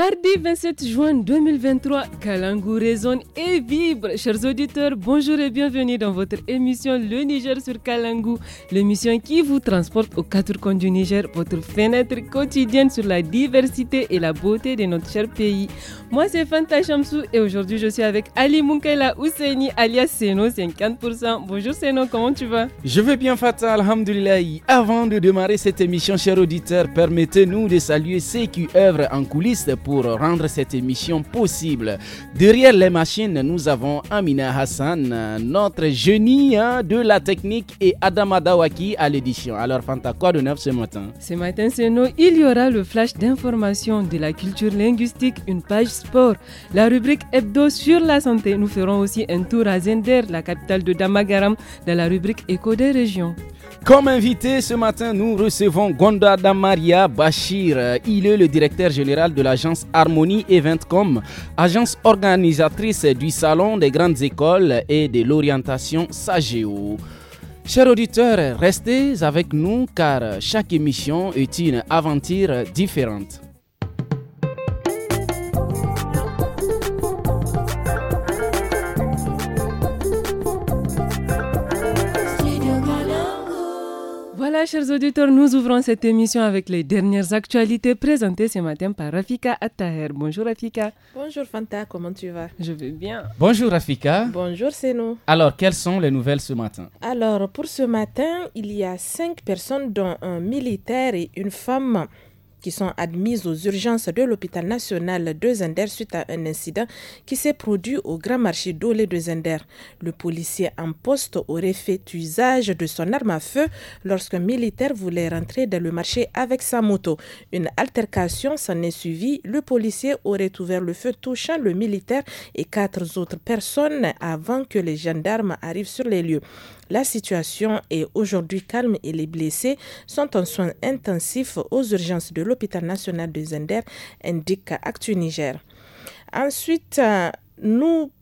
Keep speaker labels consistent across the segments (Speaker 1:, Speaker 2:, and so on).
Speaker 1: Mardi 27 juin 2023, Kalangou résonne et vibre. Chers auditeurs, bonjour et bienvenue dans votre émission Le Niger sur Kalangou, l'émission qui vous transporte aux quatre coins du Niger, votre fenêtre quotidienne sur la diversité et la beauté de notre cher pays. Moi, c'est Fanta Chamsou et aujourd'hui, je suis avec Ali Munkela Ousseini, alias Seno 50%. Bonjour Seno, comment tu vas
Speaker 2: Je vais bien, fatal, alhamdulillah. Avant de démarrer cette émission, chers auditeurs, permettez-nous de saluer ceux qui œuvrent en coulisses pour pour rendre cette émission possible. Derrière les machines, nous avons Amina Hassan, notre génie hein, de la technique, et Adama Dawaki à l'édition. Alors, Fanta, quoi de neuf ce matin
Speaker 1: Ce matin, c'est nous. Il y aura le flash d'information de la culture linguistique, une page sport, la rubrique hebdo sur la santé. Nous ferons aussi un tour à Zender, la capitale de Damagaram, dans la rubrique éco des régions. Comme invité ce matin, nous recevons
Speaker 2: Gonda Damaria Bachir. Il est le directeur général de l'agence Harmonie Eventcom, agence organisatrice du Salon des grandes écoles et de l'orientation SAGEO. Chers auditeurs, restez avec nous car chaque émission est une aventure différente.
Speaker 1: chers auditeurs, nous ouvrons cette émission avec les dernières actualités présentées ce matin par Rafika Attaher. Bonjour Rafika.
Speaker 3: Bonjour Fanta, comment tu vas Je vais bien.
Speaker 2: Bonjour Rafika.
Speaker 3: Bonjour c'est nous.
Speaker 2: Alors, quelles sont les nouvelles ce matin
Speaker 3: Alors, pour ce matin, il y a cinq personnes, dont un militaire et une femme qui sont admises aux urgences de l'hôpital national de Zender suite à un incident qui s'est produit au grand marché d'Olé de Zender. Le policier en poste aurait fait usage de son arme à feu lorsqu'un militaire voulait rentrer dans le marché avec sa moto. Une altercation s'en est suivie. Le policier aurait ouvert le feu touchant le militaire et quatre autres personnes avant que les gendarmes arrivent sur les lieux. La situation est aujourd'hui calme et les blessés sont en soins intensifs aux urgences de l'hôpital national de Zender, indique Actu Niger. Ensuite, euh, nous,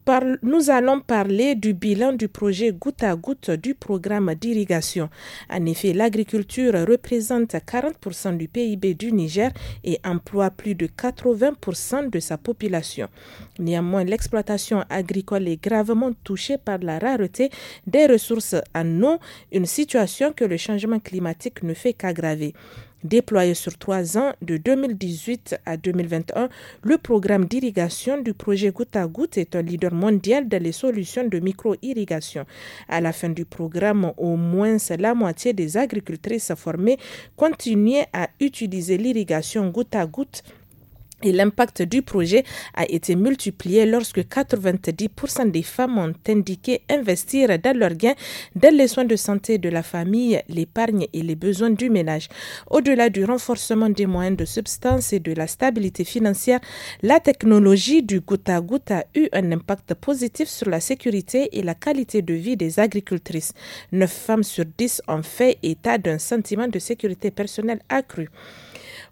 Speaker 3: allons parler du bilan du projet goutte à goutte du programme d'irrigation. En effet, l'agriculture représente 40% du PIB du Niger et emploie plus de 80% de sa population. Néanmoins, l'exploitation agricole est gravement touchée par la rareté des ressources en eau, une situation que le changement climatique ne fait qu'aggraver. Déployé sur trois ans, de 2018 à 2021, le programme d'irrigation du projet Goutte à Goutte est un leader mondial dans les solutions de micro-irrigation. À la fin du programme, au moins la moitié des agricultrices formées continuaient à utiliser l'irrigation goutte à goutte et l'impact du projet a été multiplié lorsque 90% des femmes ont indiqué investir dans leurs gains, dans les soins de santé de la famille, l'épargne et les besoins du ménage. Au-delà du renforcement des moyens de substance et de la stabilité financière, la technologie du goutte à goutte a eu un impact positif sur la sécurité et la qualité de vie des agricultrices. Neuf femmes sur 10 ont fait état d'un sentiment de sécurité personnelle accru.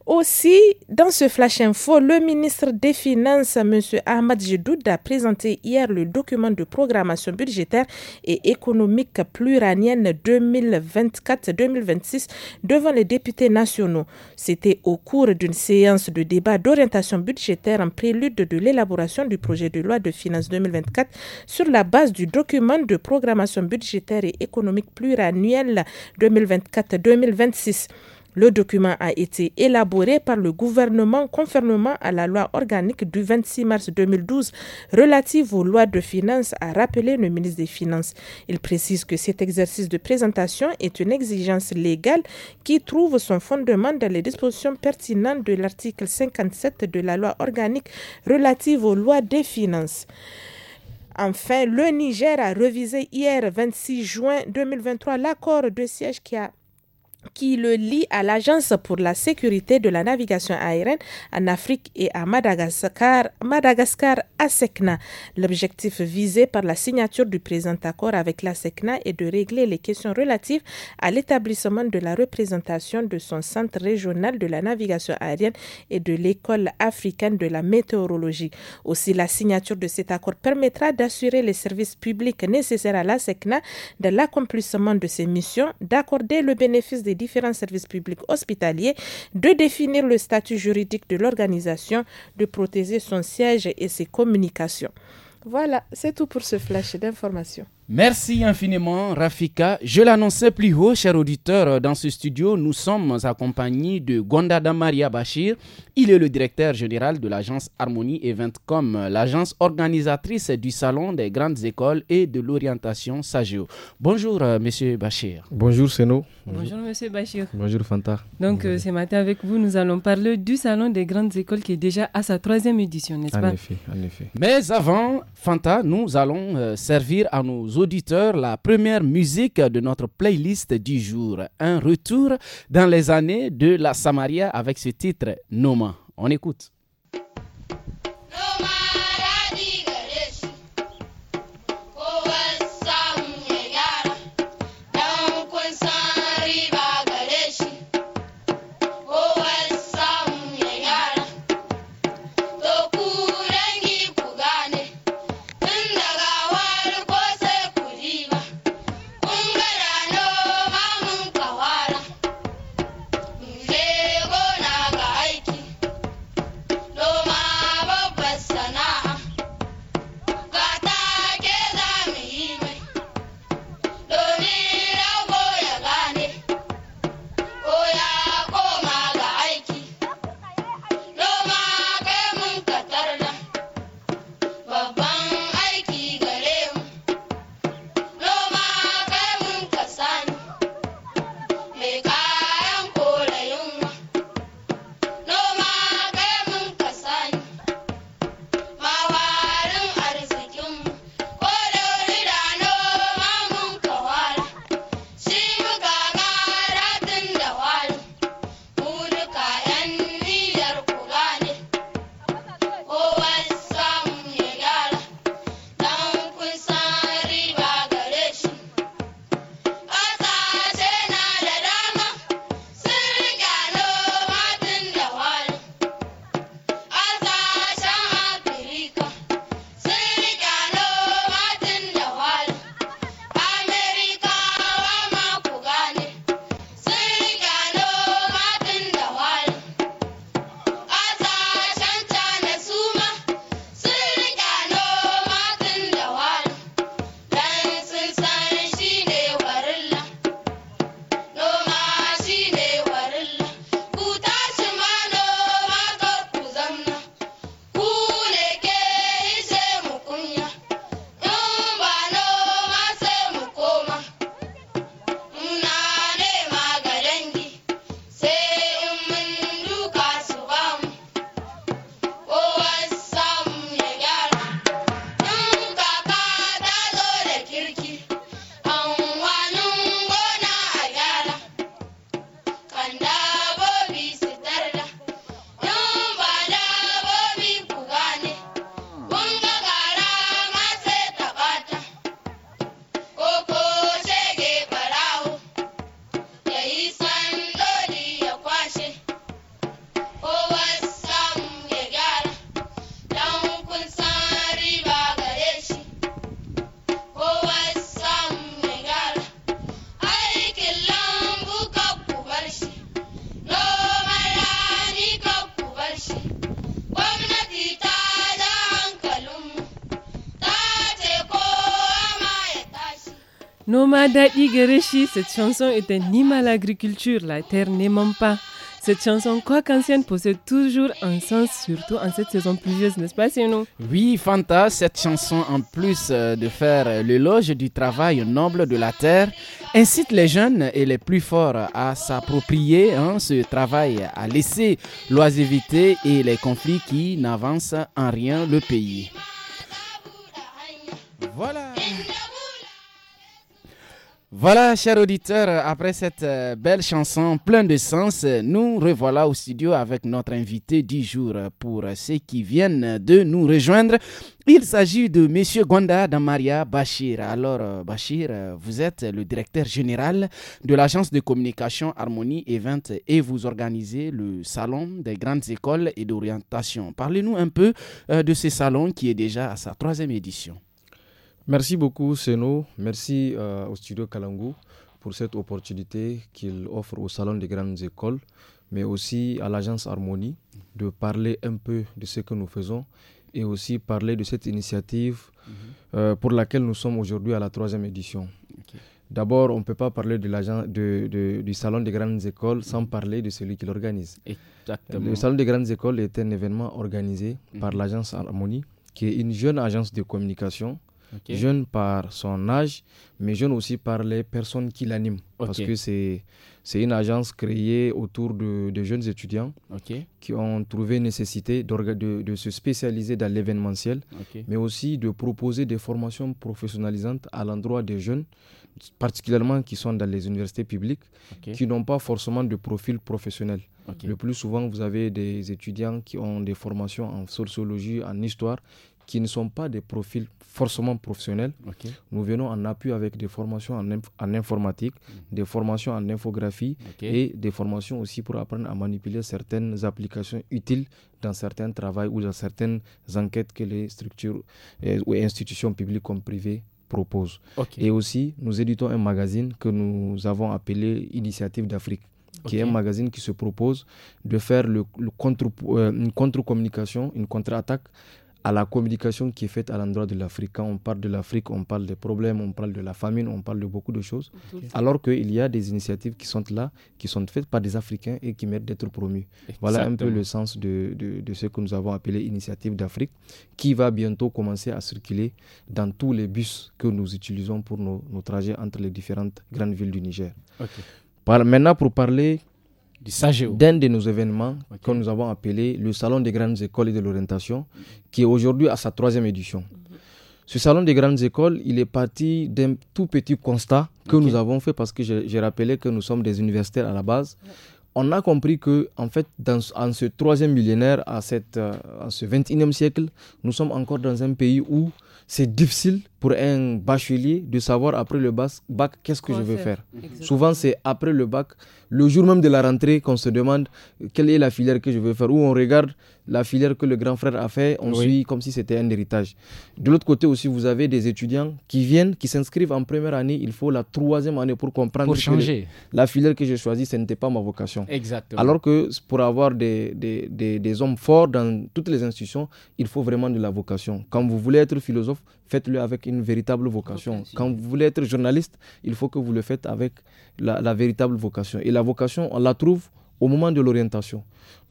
Speaker 3: Aussi, dans ce flash info, le ministre des Finances, M. Ahmad Jedoud, a présenté hier le document de programmation budgétaire et économique pluriannuelle 2024-2026 devant les députés nationaux. C'était au cours d'une séance de débat d'orientation budgétaire en prélude de l'élaboration du projet de loi de finances 2024 sur la base du document de programmation budgétaire et économique pluriannuelle 2024-2026. Le document a été élaboré par le gouvernement conformément à la loi organique du 26 mars 2012 relative aux lois de finances, a rappelé le ministre des Finances. Il précise que cet exercice de présentation est une exigence légale qui trouve son fondement dans les dispositions pertinentes de l'article 57 de la loi organique relative aux lois des finances. Enfin, le Niger a révisé hier 26 juin 2023 l'accord de siège qui a qui le lie à l'Agence pour la sécurité de la navigation aérienne en Afrique et à Madagascar, Madagascar à L'objectif visé par la signature du présent accord avec l'ASECNA est de régler les questions relatives à l'établissement de la représentation de son centre régional de la navigation aérienne et de l'école africaine de la météorologie. Aussi, la signature de cet accord permettra d'assurer les services publics nécessaires à l'ASECNA dans l'accomplissement de ses missions, d'accorder le bénéfice des différents services publics hospitaliers, de définir le statut juridique de l'organisation, de protéger son siège et ses communications. Voilà, c'est tout pour ce flash d'informations.
Speaker 2: Merci infiniment, Rafika. Je l'annonçais plus haut, chers auditeurs, dans ce studio, nous sommes accompagnés de Gondada Maria Bachir. Il est le directeur général de l'agence Harmonie Eventcom, l'agence organisatrice du Salon des grandes écoles et de l'orientation SAGEO. Bonjour, euh, monsieur Bachir.
Speaker 4: Bonjour, c'est Bonjour. Bonjour,
Speaker 1: monsieur Bachir.
Speaker 2: Bonjour, Fanta.
Speaker 1: Donc, euh, ce matin, avec vous, nous allons parler du Salon des grandes écoles qui est déjà à sa troisième édition, n'est-ce pas En effet,
Speaker 2: en effet. Mais avant, Fanta, nous allons euh, servir à nos auditeurs la première musique de notre playlist du jour, un retour dans les années de la Samaria avec ce titre Noma. On écoute.
Speaker 1: cette chanson est un hymne agriculture, la terre n'aimant pas. Cette chanson, quoi qu'ancienne, possède toujours un sens, surtout en cette saison pluvieuse, n'est-ce pas,
Speaker 2: Sino Oui, Fanta, cette chanson, en plus euh, de faire l'éloge du travail noble de la terre, incite les jeunes et les plus forts à s'approprier hein, ce travail, à laisser l'oisivité et les conflits qui n'avancent en rien le pays. Voilà. Voilà, chers auditeurs, après cette euh, belle chanson pleine de sens, nous revoilà au studio avec notre invité du jour. Pour ceux qui viennent de nous rejoindre, il s'agit de M. Gwanda Damaria Bachir. Alors, euh, Bachir, euh, vous êtes le directeur général de l'agence de communication Harmonie Event et vous organisez le salon des grandes écoles et d'orientation. Parlez-nous un peu de ce salon qui est déjà à sa troisième édition.
Speaker 4: Merci beaucoup, Seno. Merci euh, au studio Kalangou pour cette opportunité qu'il offre au Salon des grandes écoles, mais aussi à l'Agence Harmonie de parler un peu de ce que nous faisons et aussi parler de cette initiative mhm. euh, pour laquelle nous sommes aujourd'hui à la troisième édition. D'abord, on ne peut pas parler de du Salon des grandes écoles sans parler de celui qui l'organise. Le Salon des grandes écoles est un événement organisé par mhm. l'Agence Harmonie, qui est une jeune agence de communication Jeune par son âge, mais jeune aussi par les personnes qui l'animent. Parce que c'est, c'est une agence créée autour de, de jeunes étudiants qui ont trouvé nécessité de, de se spécialiser dans l'événementiel, mais aussi de proposer des formations professionnalisantes à l'endroit des jeunes, particulièrement qui sont dans les universités publiques, qui n'ont pas forcément de profil professionnel. Le plus souvent, vous avez des étudiants qui ont des formations en sociologie, en histoire, qui ne sont pas des profils forcément professionnels. Nous venons en appui avec des formations en, informatique, mhm. des formations en infographie et des formations aussi pour apprendre à manipuler certaines applications utiles dans certains travaux ou dans certaines enquêtes que les structures euh, ou institutions publiques comme privées proposent. Et aussi, nous éditons un magazine que nous avons appelé Initiative d'Afrique qui est un magazine qui se propose de faire euh, une contre-communication, une contre-attaque à la communication qui est faite à l'endroit de l'Afrique. Quand on parle de l'Afrique, on parle des problèmes, on parle de la famine, on parle de beaucoup de choses. Alors qu'il y a des initiatives qui sont là, qui sont faites par des Africains et qui méritent d'être promues. Voilà un peu le sens de, ce que nous avons appelé Initiative d'Afrique, qui va bientôt commencer à circuler dans tous les bus que nous utilisons pour nos, trajets entre les différentes grandes villes du Niger. maintenant, pour parler d'un de nos événements que nous avons appelé le Salon des grandes écoles et de l'orientation, qui est aujourd'hui à sa troisième édition. Mhm. Ce Salon des grandes écoles, il est parti d'un tout petit constat que nous avons fait parce que j'ai rappelé que nous sommes des universitaires à la base. On a compris que, en fait, dans, en ce troisième millénaire, à cette, euh, en ce 21e siècle, nous sommes encore dans un pays où c'est difficile pour un bachelier de savoir après le bac, qu'est-ce que je veux faire. Souvent, c'est après le bac, le jour même de la rentrée, qu'on se demande quelle est la filière que je veux faire, ou on regarde la filière que le grand frère a fait, on suit comme si c'était un héritage. De l'autre côté aussi, vous avez des étudiants qui viennent, qui s'inscrivent en première année, il faut la troisième année pour comprendre Que la filière que j'ai choisie, ce n'était pas ma vocation. Alors que pour avoir des, des, des, des hommes forts dans toutes les institutions, il faut vraiment de la vocation. Quand vous voulez être philosophe, faites-le avec une véritable vocation. Quand vous voulez être journaliste, il faut que vous le faites avec la, véritable vocation. Et la vocation, on la trouve au moment de l'orientation.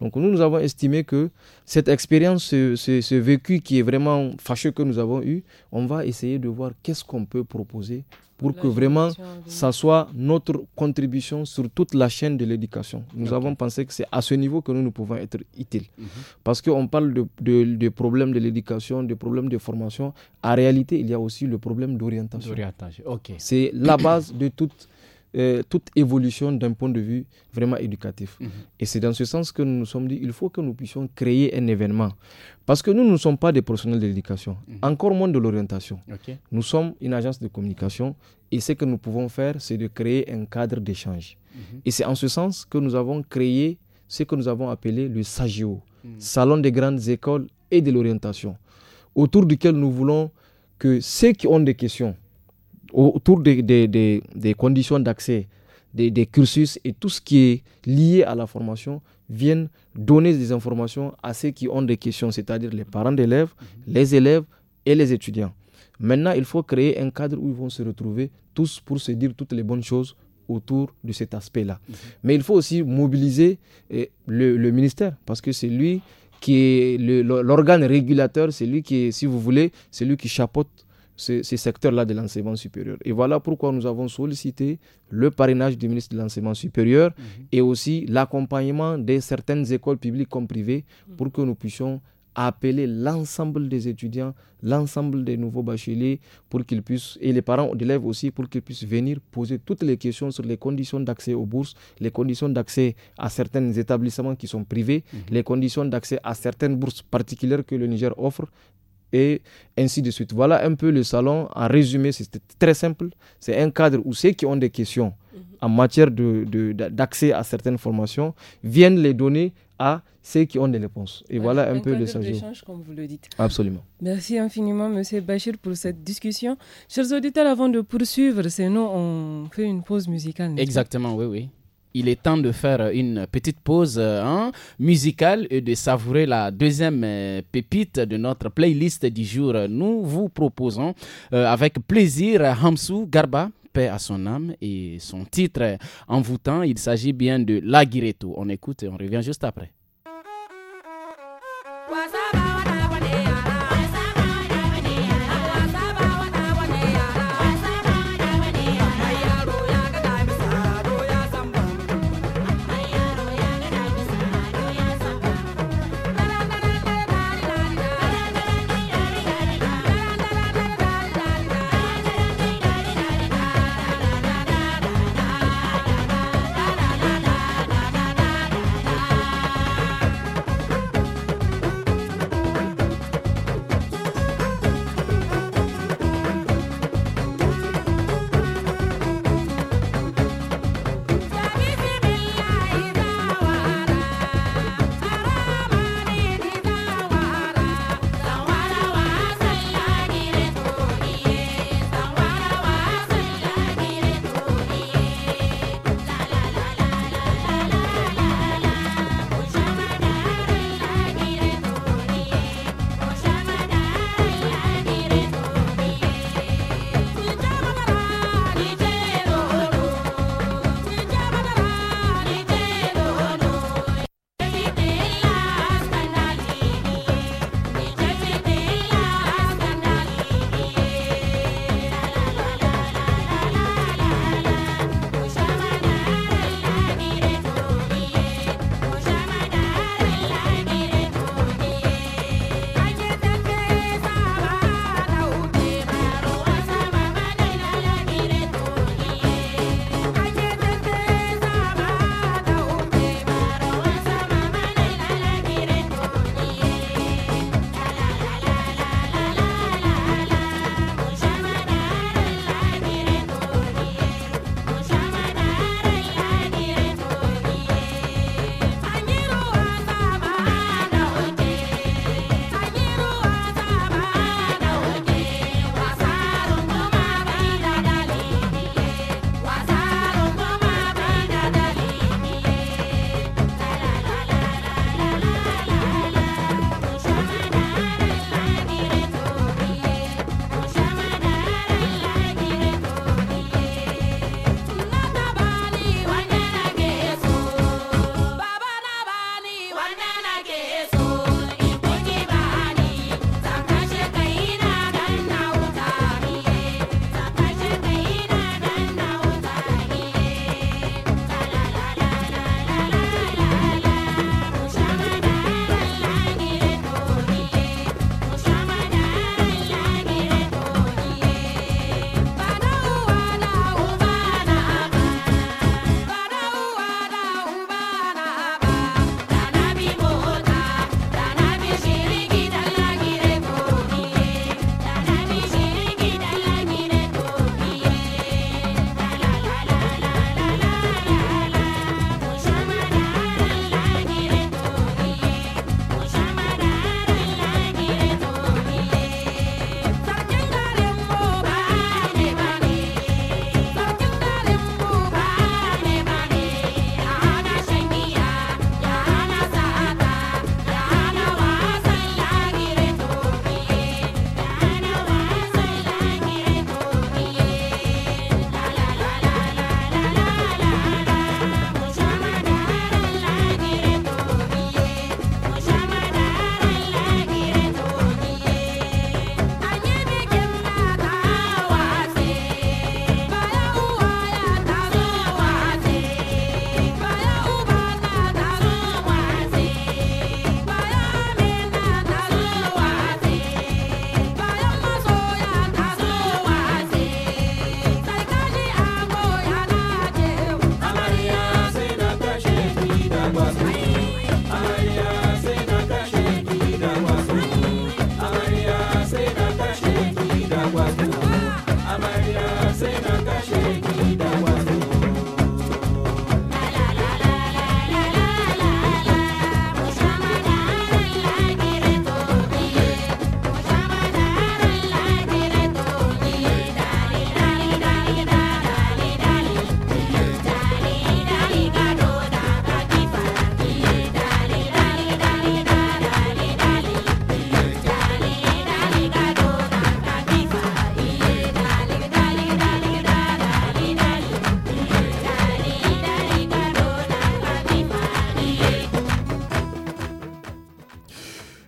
Speaker 4: Donc nous, nous avons estimé que cette expérience, ce, ce, vécu qui est vraiment fâcheux que nous avons eu, on va essayer de voir qu'est-ce qu'on peut proposer pour que vraiment ça soit notre contribution sur toute la chaîne de l'éducation. Nous avons pensé que c'est à ce niveau que nous, nous pouvons être utiles. parce mhm. que Parce qu'on parle de, de, problèmes de l'éducation, de problèmes de formation. En réalité, il y a aussi le problème d'orientation. C'est la base de toute euh, toute évolution d'un point de vue vraiment éducatif. Mhm. Et c'est dans ce sens que nous nous sommes dit, il faut que nous puissions créer un événement. Parce que nous ne sommes pas des professionnels de l'éducation, mhm. encore moins de l'orientation. Nous sommes une agence de communication et ce que nous pouvons faire, c'est de créer un cadre d'échange. Mhm. Et c'est en ce sens que nous avons créé ce que nous avons appelé le SAGIO, Salon des grandes écoles et de l'orientation, autour duquel nous voulons que ceux qui ont des questions, autour des, des, conditions d'accès, des, cursus et tout ce qui est lié à la formation viennent donner des informations à ceux qui ont des questions, c'est-à-dire les parents d'élèves, mhm. les élèves et les étudiants. Maintenant, il faut créer un cadre où ils vont se retrouver tous pour se dire toutes les bonnes choses autour de cet aspect-là. Mhm. Mais il faut aussi mobiliser eh, le, le, ministère, parce que c'est lui qui est l'organe régulateur, c'est lui qui est, si vous voulez, c'est lui qui chapeaute ces, secteurs-là de l'enseignement supérieur. Et voilà pourquoi nous avons sollicité le parrainage du ministre de l'enseignement supérieur mhm. et aussi l'accompagnement de certaines écoles publiques comme privées mhm. pour que nous puissions appeler l'ensemble des étudiants, l'ensemble des nouveaux bacheliers pour qu'ils puissent, et les parents d'élèves aussi, pour qu'ils puissent venir poser toutes les questions sur les conditions d'accès aux bourses, les conditions d'accès à certains établissements qui sont privés, mhm. les conditions d'accès à certaines bourses particulières que le Niger offre, et ainsi de suite. Voilà un peu le salon. En résumé, C'était très simple. C'est un cadre où ceux qui ont des questions mhm. en matière d'accès de, d'accès à certaines formations viennent les donner à ceux qui ont des réponses. Et voilà un, peu le sujet.
Speaker 1: comme vous le dites. Absolument. Merci infiniment, Monsieur Bachir, pour cette discussion. Chers auditeurs, avant de poursuivre, sinon on fait une pause musicale. Exactement,
Speaker 2: oui, oui il est temps de faire une petite pause hein, musicale et de savourer la deuxième euh, pépite de notre playlist du jour. Nous vous proposons euh, avec plaisir Hamsou Garba paix à son âme et son titre envoûtant, il s'agit bien de Lagireto. On écoute et on revient juste après.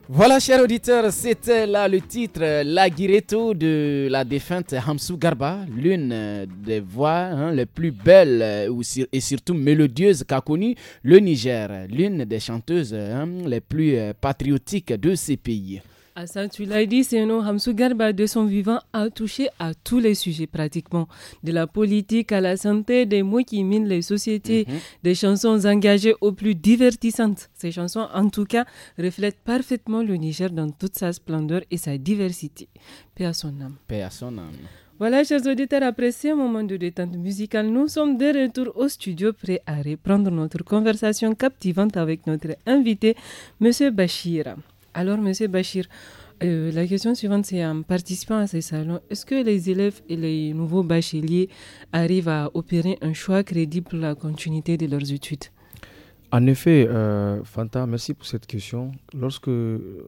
Speaker 2: Voilà, chers auditeurs, c'était là le titre La de la défunte Hamsou Garba, l'une des voix hein, les plus belles euh, et surtout mélodieuses qu'a connue le Niger, l'une des chanteuses hein, les plus euh, patriotiques de ces pays.
Speaker 1: Ah tu l'as dit, c'est Hamsou Garba, de son vivant, a touché à tous les sujets pratiquement. De la politique à la santé, des mots qui minent les sociétés, mhm. des chansons engagées aux plus divertissantes. Ces chansons, en tout cas, reflètent parfaitement le Niger dans toute sa splendeur et sa diversité. Paix à son âme. Voilà, chers auditeurs, après ce moment de détente musicale, nous sommes de retour au studio prêts à reprendre notre conversation captivante avec notre invité, M. Bashira. Alors, Monsieur Bachir, euh, la question suivante, c'est en participant à ces salons, est-ce que les élèves et les nouveaux bacheliers arrivent à opérer un choix crédible pour la continuité de leurs études
Speaker 4: En effet, euh, Fanta, merci pour cette question. Lorsque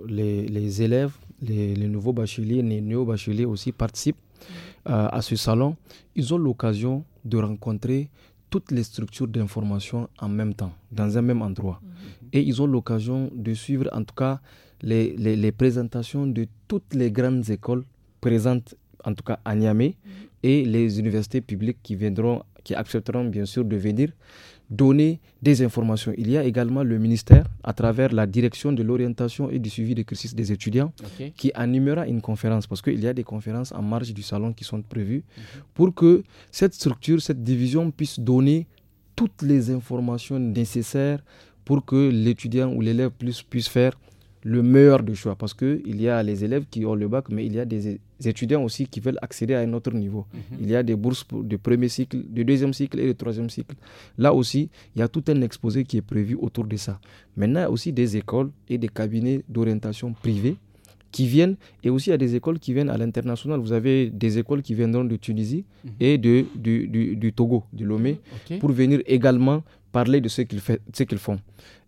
Speaker 4: les, élèves, les, nouveaux bacheliers, les nouveaux bacheliers aussi participent mm. euh, à ce salon, ils ont l'occasion de rencontrer toutes les structures d'information en même temps, dans un même endroit. Mm-hmm. Et ils ont l'occasion de suivre, en tout cas, les, présentations de toutes les grandes écoles présentes, en tout cas à Niamey, mhm. et les universités publiques qui viendront, qui accepteront bien sûr de venir donner des informations. Il y a également le ministère, à travers la direction de l'orientation et du suivi des cursus des étudiants, qui animera une conférence, parce qu'il y a des conférences en marge du salon qui sont prévues, mhm. pour que cette structure, cette division puisse donner toutes les informations nécessaires pour que l'étudiant ou l'élève puisse, puisse faire le meilleur de choix parce que il y a les élèves qui ont le bac, mais il y a des étudiants aussi qui veulent accéder à un autre niveau. Mhm. Il y a des bourses de premier cycle, de deuxième cycle et de troisième cycle. Là aussi, il y a tout un exposé qui est prévu autour de ça. Maintenant, il y a aussi des écoles et des cabinets d'orientation privés qui viennent, et aussi il y a des écoles qui viennent à l'international. Vous avez des écoles qui viendront de Tunisie mhm. et de, du, du, du, Togo, de Lomé, pour venir également parler de ce qu'ils font.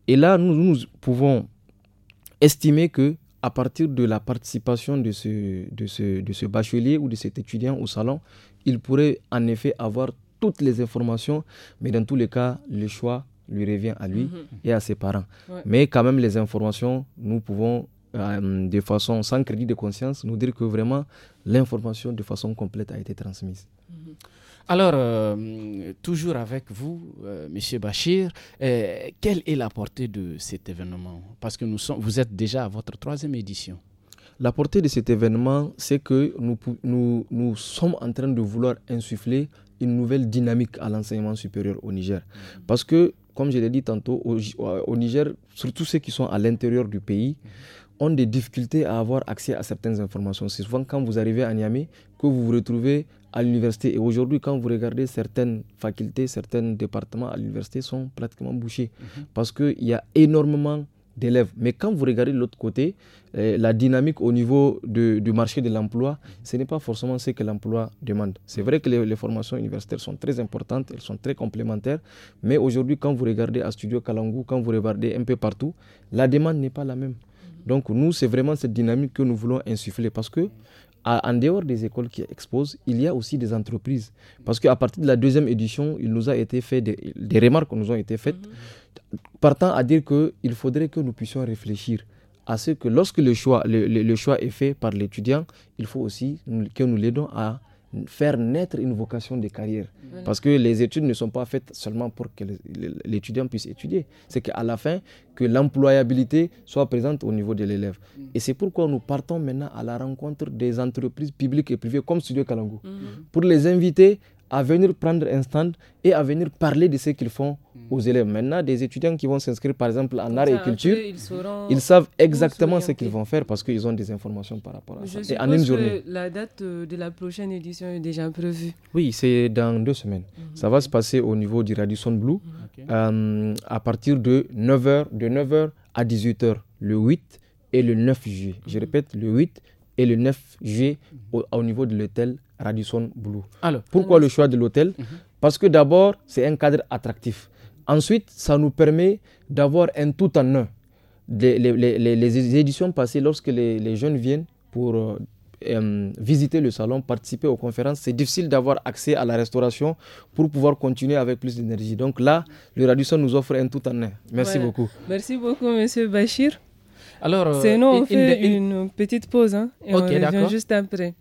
Speaker 4: Et là, nous, nous pouvons estimer que à partir de la participation de ce, de de ce bachelier ou de cet étudiant au salon, il pourrait en effet avoir toutes les informations, mais dans tous les cas, le choix lui revient à lui mhm. et à ses parents. Mais quand même, les informations, nous pouvons, euh, de façon sans crédit de conscience, nous dire que vraiment, l'information de façon complète a été transmise. Mhm.
Speaker 2: Alors, euh, toujours avec vous, euh, M. Bachir, euh, quelle est la portée de cet événement Parce que nous sommes, vous êtes déjà à votre troisième édition. La portée de cet
Speaker 4: événement, c'est que nous, nous, sommes en train de vouloir insuffler une nouvelle dynamique à l'enseignement supérieur au Niger. Mm-hmm. Parce que, comme je l'ai dit tantôt, au, au, Niger, surtout ceux qui sont à l'intérieur du pays, mm-hmm. ont des difficultés à avoir accès à certaines informations. C'est souvent quand vous arrivez à Niamey que vous vous retrouvez à l'université. Et aujourd'hui, quand vous regardez certaines facultés, certains départements à l'université sont pratiquement bouchés mhm. parce qu'il y a énormément d'élèves. Mais quand vous regardez de l'autre côté, euh, la dynamique au niveau de, du marché de l'emploi, ce n'est pas forcément ce que l'emploi demande. C'est vrai que les, formations universitaires sont très importantes, elles sont très complémentaires, mais aujourd'hui, quand vous regardez à Studio Kalangu, quand vous regardez un peu partout, la demande n'est pas la même. Mhm. Donc nous, c'est vraiment cette dynamique que nous voulons insuffler parce que en dehors des écoles qui exposent, il y a aussi des entreprises. Parce qu'à partir de la deuxième édition, il nous a été fait des, remarques remarques nous ont été faites, mhm. partant à dire qu'il faudrait que nous puissions réfléchir à ce que lorsque le choix, le, le choix est fait par l'étudiant, il faut aussi que nous l'aidons à faire naître une vocation de carrière. Parce que les études ne sont pas faites seulement pour que l'étudiant puisse étudier. C'est qu'à la fin, que l'employabilité soit présente au niveau de l'élève. Mm. Et c'est pourquoi nous partons maintenant à la rencontre des entreprises publiques et privées comme Studio calango mm. Pour les inviter à venir prendre un stand et à venir parler de ce qu'ils font mm. aux élèves. Maintenant, des étudiants qui vont s'inscrire par exemple en art et culture, ils, savent exactement ce qu'ils vont faire parce qu'ils ont des informations par rapport à ça. en journée.
Speaker 1: Que la date euh, de la prochaine édition est déjà prévue.
Speaker 4: Oui, c'est dans deux semaines. Mm-hmm. Ça va se passer au niveau du Radisson Blue mm-hmm. euh, à partir de 9h, de 9h à 18h le 8 et le 9 juillet. Je mm-hmm. répète, le 8 et le 9 juillet au, niveau de l'hôtel Radisson Blue. Alors, Pourquoi le choix de l'hôtel mhm. Parce que d'abord, c'est un cadre attractif. Ensuite, ça nous permet d'avoir un tout en un. Les, éditions passées, lorsque les, jeunes viennent pour euh, euh, visiter le salon, participer aux conférences, c'est difficile d'avoir accès à la restauration pour pouvoir continuer avec plus d'énergie. Donc là, le Radisson nous offre un tout en un. Merci beaucoup.
Speaker 1: Merci beaucoup, Monsieur Bachir. Alors, c'est euh, nous on fait une, petite pause hein, et on revient juste après.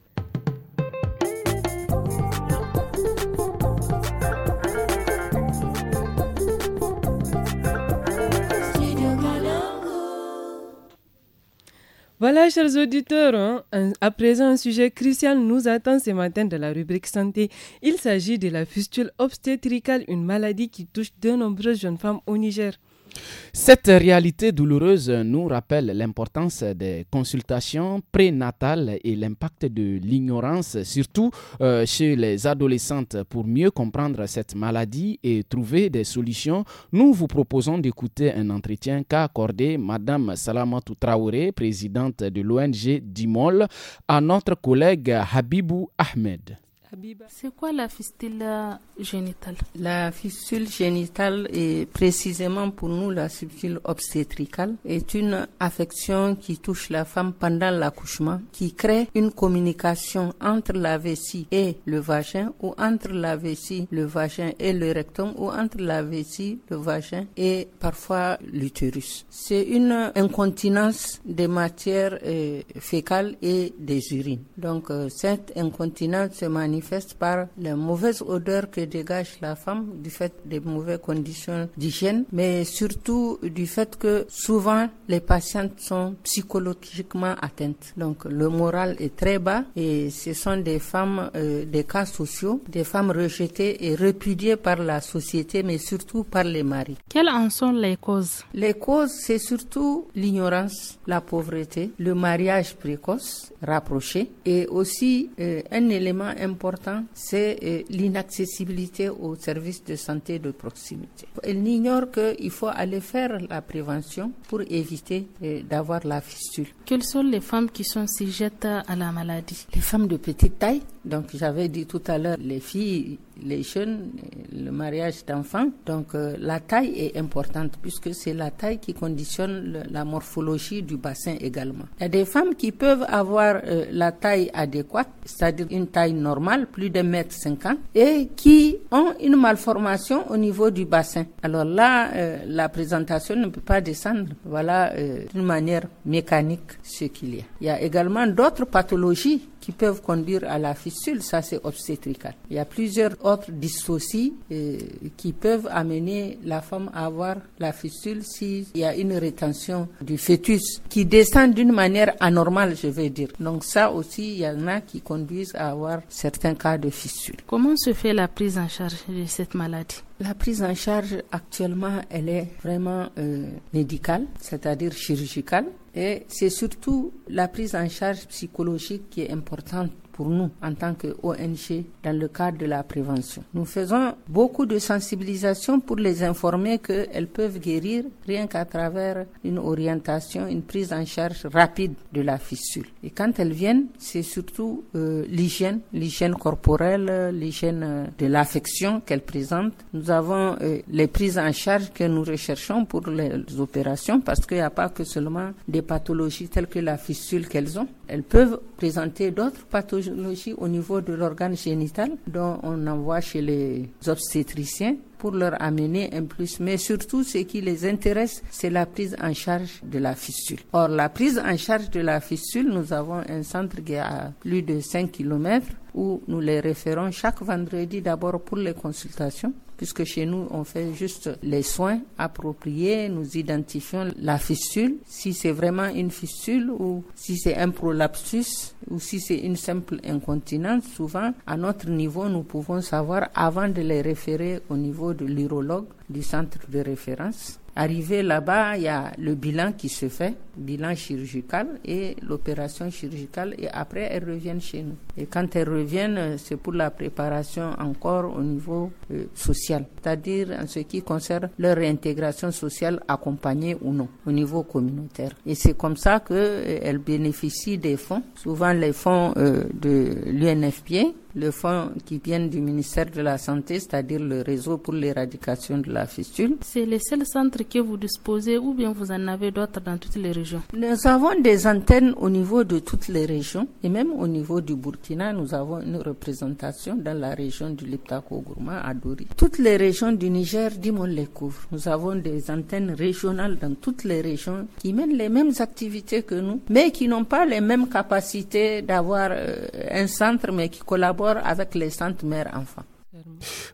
Speaker 1: Voilà, chers auditeurs, hein, à présent, un sujet crucial nous attend ce matin de la rubrique santé. Il s'agit de la fistule obstétricale, une maladie qui touche de nombreuses jeunes femmes au Niger. Cette
Speaker 2: réalité douloureuse nous rappelle l'importance des consultations prénatales et l'impact de l'ignorance, surtout euh, chez les adolescentes. Pour mieux comprendre cette maladie et trouver des solutions, nous vous proposons d'écouter un entretien qu'a accordé Madame Salamatou Traoré, présidente de l'ONG DIMOL, à notre collègue Habibou Ahmed.
Speaker 3: C'est quoi la fistule euh, génitale
Speaker 5: La fistule génitale est précisément pour nous la fistule obstétricale est une affection qui touche la femme pendant l'accouchement qui crée une communication entre la vessie et le vagin ou entre la vessie, le vagin et le rectum ou entre la vessie, le vagin et parfois l'utérus. C'est une incontinence des matières euh, fécales et des urines. Donc euh, cette incontinence se manifeste manifeste par la mauvaise odeur que dégage la femme du fait des mauvaises conditions d'hygiène, mais surtout du fait que souvent les patientes sont psychologiquement atteintes. Donc le moral est très bas et ce sont des femmes euh, des cas sociaux, des femmes rejetées et répudiées par la société, mais surtout par les maris. Quelles en sont les causes Les causes, c'est surtout l'ignorance, la pauvreté, le mariage précoce, rapproché, et aussi euh, un élément important c'est euh, l'inaccessibilité aux services de santé de proximité. Elle que qu'il faut aller faire la prévention pour éviter euh, d'avoir la fistule. Quelles sont les femmes qui sont sujettes à la maladie Les femmes de petite taille, donc j'avais dit tout à l'heure, les filles, les jeunes, le mariage d'enfants. Donc euh, la taille est importante puisque c'est la taille qui conditionne la morphologie du bassin également. Il y a des femmes qui peuvent avoir euh, la taille adéquate, c'est-à-dire une taille normale, plus de 1 mètre cinquante, et qui ont une malformation au niveau du bassin. Alors là, euh, la présentation ne peut pas descendre. Voilà d'une manière mécanique ce qu'il y a. Il y a également d'autres pathologies qui peuvent conduire à la ça c'est obstétrical. Il y a plusieurs autres dystocies euh, qui peuvent amener la femme à avoir la fistule s'il y a une rétention du fœtus qui descend d'une manière anormale, je veux dire. Donc ça aussi, il y en a qui conduisent à avoir certains cas de fistule. Comment se fait la prise en charge de cette maladie la prise en charge actuellement, elle est vraiment euh, médicale, c'est-à-dire chirurgicale. Et c'est surtout la prise en charge psychologique qui est importante pour nous en tant que ONG dans le cadre de la prévention. Nous faisons beaucoup de sensibilisation pour les informer qu'elles peuvent guérir rien qu'à travers une orientation, une prise en charge rapide de la fissure. Et quand elles viennent, c'est surtout euh, l'hygiène, l'hygiène corporelle, l'hygiène euh, de l'affection qu'elles présentent. Nous avons euh, les prises en charge que nous recherchons pour les opérations parce qu'il n'y a pas que seulement des pathologies telles que la fissure qu'elles ont. Elles peuvent présenter d'autres pathologies au niveau de l'organe génital dont on envoie chez les obstétriciens pour leur amener un plus. Mais surtout, ce qui les intéresse, c'est la prise en charge de la fistule. Or, la prise en charge de la fistule, nous avons un centre qui est à plus de 5 km où nous les référons chaque vendredi d'abord pour les consultations puisque chez nous, on fait juste les soins appropriés, nous identifions la fistule, si c'est vraiment une fistule ou si c'est un prolapsus ou si c'est une simple incontinence. Souvent, à notre niveau, nous pouvons savoir avant de les référer au niveau de l'urologue du centre de référence Arrivé là-bas, il y a le bilan qui se fait, bilan chirurgical et l'opération chirurgicale. Et après, elles reviennent chez nous. Et quand elles reviennent, euh, c'est pour la préparation encore au niveau euh, social, c'est-à-dire en ce qui concerne leur réintégration sociale accompagnée ou non au niveau communautaire. Et c'est comme ça qu'elles euh, bénéficient des fonds, souvent les fonds de l'UNFPA le fonds qui vient du ministère de la Santé, c'est-à-dire le réseau pour l'éradication de la fistule. C'est le seul centre que vous disposez ou bien
Speaker 6: vous en avez d'autres dans toutes les régions
Speaker 5: Nous avons des antennes au niveau de toutes les régions et même au niveau du Burkina, nous avons une représentation dans la région du Liptako-Gourma à Dori. Toutes les régions du Niger, Dimon les couvre. Nous avons des antennes régionales dans toutes les régions qui mènent les mêmes activités que nous, mais qui n'ont pas les mêmes capacités d'avoir euh, un centre, mais qui collaborent avec les saintes mères-enfants.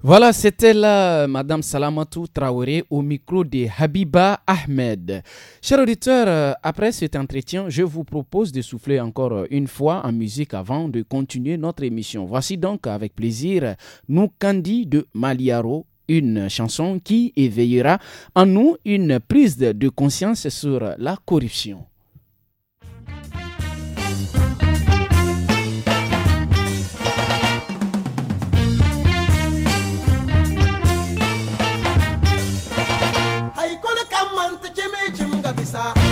Speaker 2: Voilà, c'était la Madame Salamatou Traoré au micro de Habiba Ahmed. Chers auditeurs, euh, après cet entretien, je vous propose de souffler encore une fois en musique avant de continuer notre émission. Voici donc avec plaisir Nous de Maliaro, une chanson qui éveillera en nous une prise de conscience sur la corruption. sir.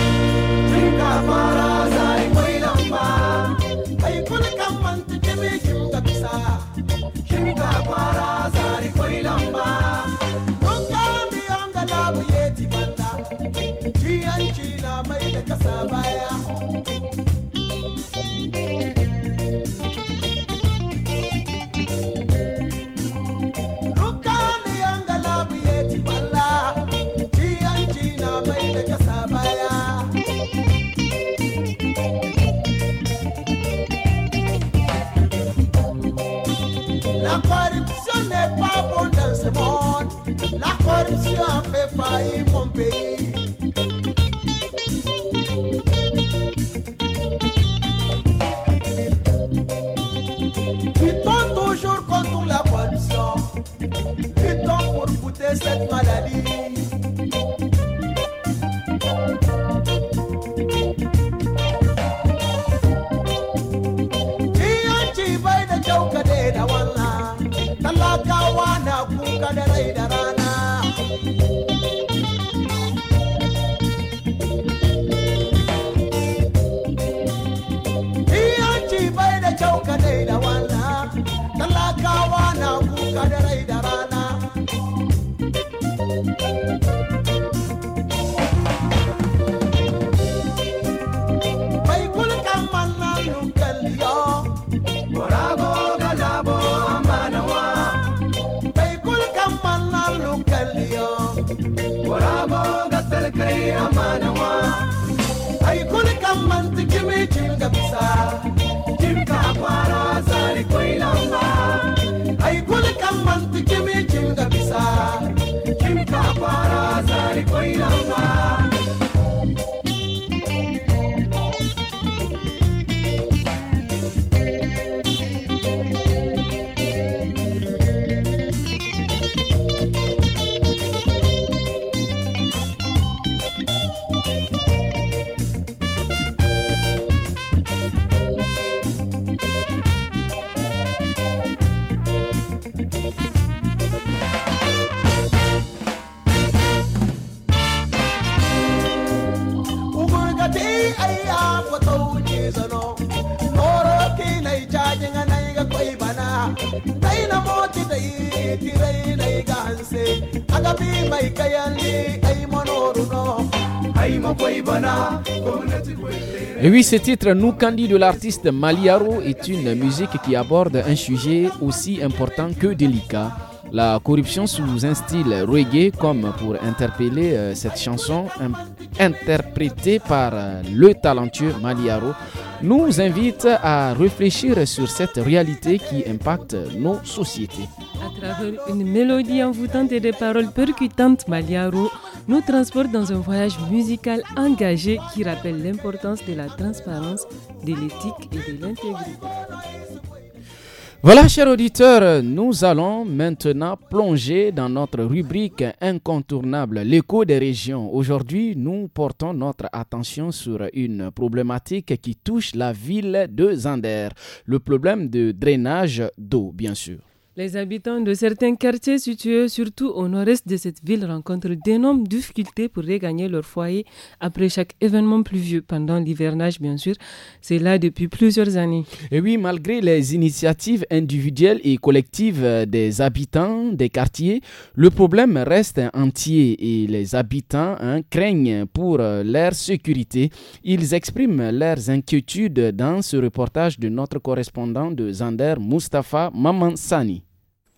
Speaker 2: et oui, ce titre Noukandi de l'artiste Maliaro est une musique qui aborde un sujet aussi important que délicat. La corruption sous un style reggae, comme pour interpeller euh, cette chanson interprétée par euh, le talentueux Maliaro, nous invite à réfléchir sur cette réalité qui impacte nos sociétés.
Speaker 1: À travers une mélodie envoûtante et des paroles percutantes, Maliaro nous transporte dans un voyage musical engagé qui rappelle l'importance de la transparence, de l'éthique et de l'intégrité.
Speaker 2: Voilà, chers auditeurs, nous allons maintenant plonger dans notre rubrique incontournable, l'écho des régions. Aujourd'hui, nous portons notre attention sur une problématique qui touche la ville de Zander, le problème de drainage d'eau, bien sûr.
Speaker 1: Les habitants de certains quartiers situés surtout au nord-est de cette ville rencontrent d'énormes difficultés pour regagner leur foyer après chaque événement pluvieux, pendant l'hivernage bien sûr. C'est là depuis plusieurs années.
Speaker 2: Et oui, malgré les initiatives individuelles et collectives euh, des habitants des quartiers, le problème reste entier et les habitants hein, craignent pour euh, leur sécurité. Ils expriment leurs inquiétudes dans ce reportage de notre correspondant de Zander, Mustapha Mamansani.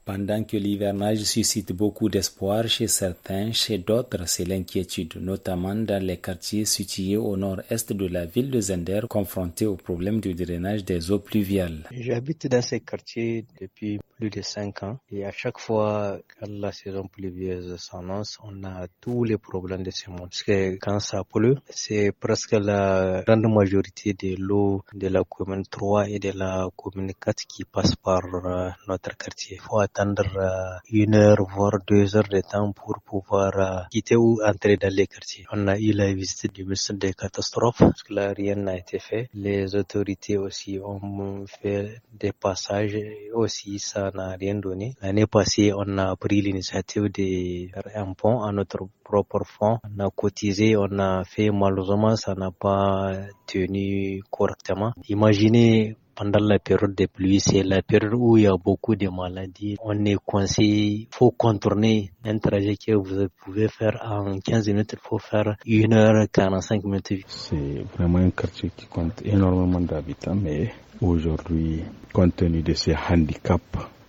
Speaker 2: Pendant que l'hivernage
Speaker 7: suscite beaucoup d'espoir chez certains, chez d'autres, c'est l'inquiétude, notamment dans les quartiers situés au nord-est de la ville de Zender, confrontés au problème du drainage des eaux pluviales.
Speaker 8: J'habite dans ces quartiers depuis plus de cinq ans et à chaque fois que la saison pluvieuse s'annonce, on a tous les problèmes de ce monde. Parce que quand ça pleut, c'est presque la grande majorité de l'eau de la commune 3 et de la commune 4 qui passe par euh, notre quartier attendre euh, une heure, voire deux heures de temps pour pouvoir euh, quitter ou entrer dans les quartiers. On a eu la visite du ministre des catastrophes, parce que là, rien n'a été fait. Les autorités aussi ont fait des passages, aussi ça n'a rien donné. L'année passée, on a pris l'initiative de faire un pont à notre propre fonds. On a cotisé, on a fait, malheureusement, ça n'a pas tenu correctement. Imaginez pendant la période de pluie, c'est la période où il y a beaucoup de maladies. On est coincé, faut contourner un trajet que vous pouvez faire en 15 minutes, il faut faire
Speaker 9: 1h45 minutes. C'est vraiment un quartier qui compte énormément d'habitants, mais aujourd'hui, compte tenu de ces handicaps,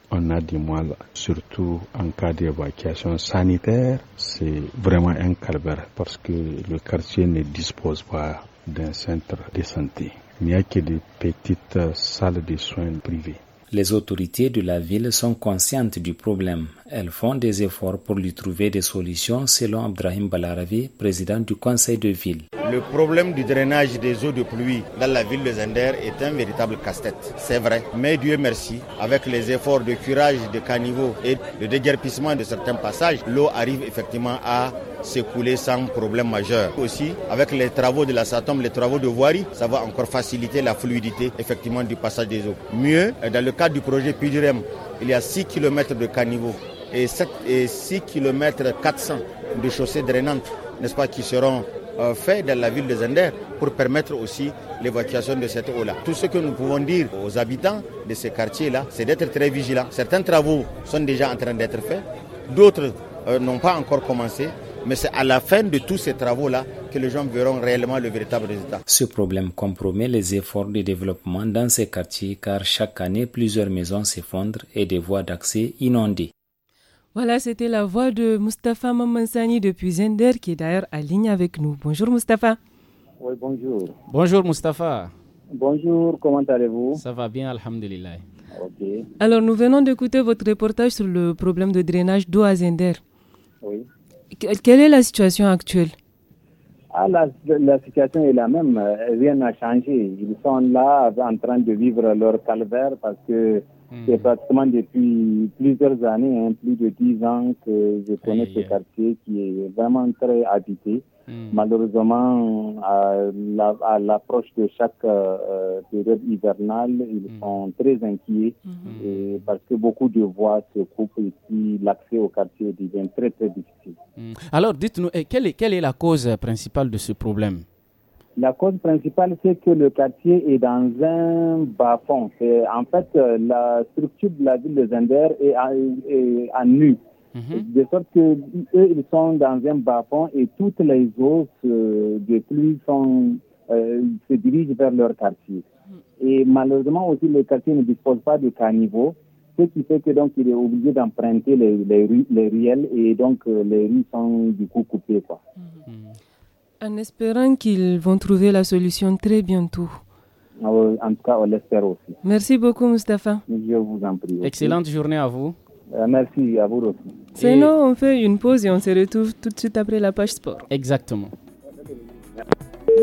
Speaker 9: on a du mal, surtout en cas d'évacuation sanitaire. C'est vraiment un calvaire parce que le quartier ne dispose pas d'un centre de santé. Il n'y a que des petites
Speaker 7: salles de soins privées. Les autorités de la ville sont conscientes du problème. Elles font des efforts pour lui trouver des solutions, selon Abdrahim Balaravi, président du conseil de ville. Le problème du drainage des eaux de pluie dans la ville de Zender est un véritable casse-tête, c'est vrai. Mais Dieu merci, avec les efforts de curage de caniveaux et le déguerpissement de certains passages, l'eau arrive effectivement à s'écouler sans problème majeur. Aussi, avec les travaux de la SATOM, les travaux de voirie, ça va encore faciliter la fluidité effectivement du passage des eaux. Mieux, euh, dans le cadre du projet Pidurem, il y a 6 km de caniveau et, 7, et 6 km 400 de chaussées drainantes, n'est-ce pas, qui seront euh, faits dans la ville de Zender pour permettre aussi l'évacuation de cette eau-là. Tout ce que nous pouvons dire aux habitants de ces quartiers-là, c'est d'être très vigilants. Certains travaux sont déjà en train d'être faits, d'autres euh, n'ont pas encore commencé mais c'est à la fin de tous ces travaux-là que les gens verront réellement le véritable résultat. Ce problème compromet les efforts de développement dans ces quartiers car chaque année, plusieurs maisons s'effondrent et des voies d'accès inondées.
Speaker 1: Voilà, c'était la voix de Mustapha Mamansani depuis Zender qui est d'ailleurs à ligne avec nous. Bonjour Mustapha.
Speaker 2: Oui, bonjour. Bonjour Mustapha. Bonjour, comment allez-vous Ça va bien, alhamdulillah.
Speaker 1: Alors, nous venons d'écouter votre reportage sur le problème de drainage d'eau à Zender. Oui. Quelle est la situation actuelle
Speaker 2: ah,
Speaker 7: la, la, situation est la même. Euh, rien n'a changé. Ils sont là en train de vivre leur calvaire parce que Hmm. C'est pratiquement depuis plusieurs années, hein, plus de dix ans que je connais ce quartier qui est vraiment très habité. Hmm. Malheureusement, à l'approche de chaque euh, euh, période hivernale, ils hmm. sont très inquiets et parce que beaucoup de voies se coupent et l'accès au quartier devient très très difficile.
Speaker 2: Alors dites-nous, quelle quelle est la cause principale de ce problème
Speaker 7: la cause principale, c'est que le quartier est dans un bas-fond. En fait, euh, la structure de la ville de Zender est à, nu. Mhm. De sorte que ils sont dans un bas-fond et toutes les eaux de pluie sont, euh, se dirigent vers leur quartier. Mhm. Et malheureusement aussi, le quartier ne dispose pas de caniveau, ce qui fait que donc il est obligé d'emprunter les, les, les ruelles et donc euh, les rues sont du coup coupées. Quoi. Mhm.
Speaker 1: En espérant qu'ils vont trouver la solution très bientôt.
Speaker 2: Ah en tout cas, on l'espère aussi.
Speaker 1: Merci beaucoup, Mustapha. Je vous en prie. Excellente
Speaker 2: journée à vous. Euh, merci, à vous aussi.
Speaker 1: Sinon, on fait une pause et on se retrouve tout de suite après la page sport. Exactement.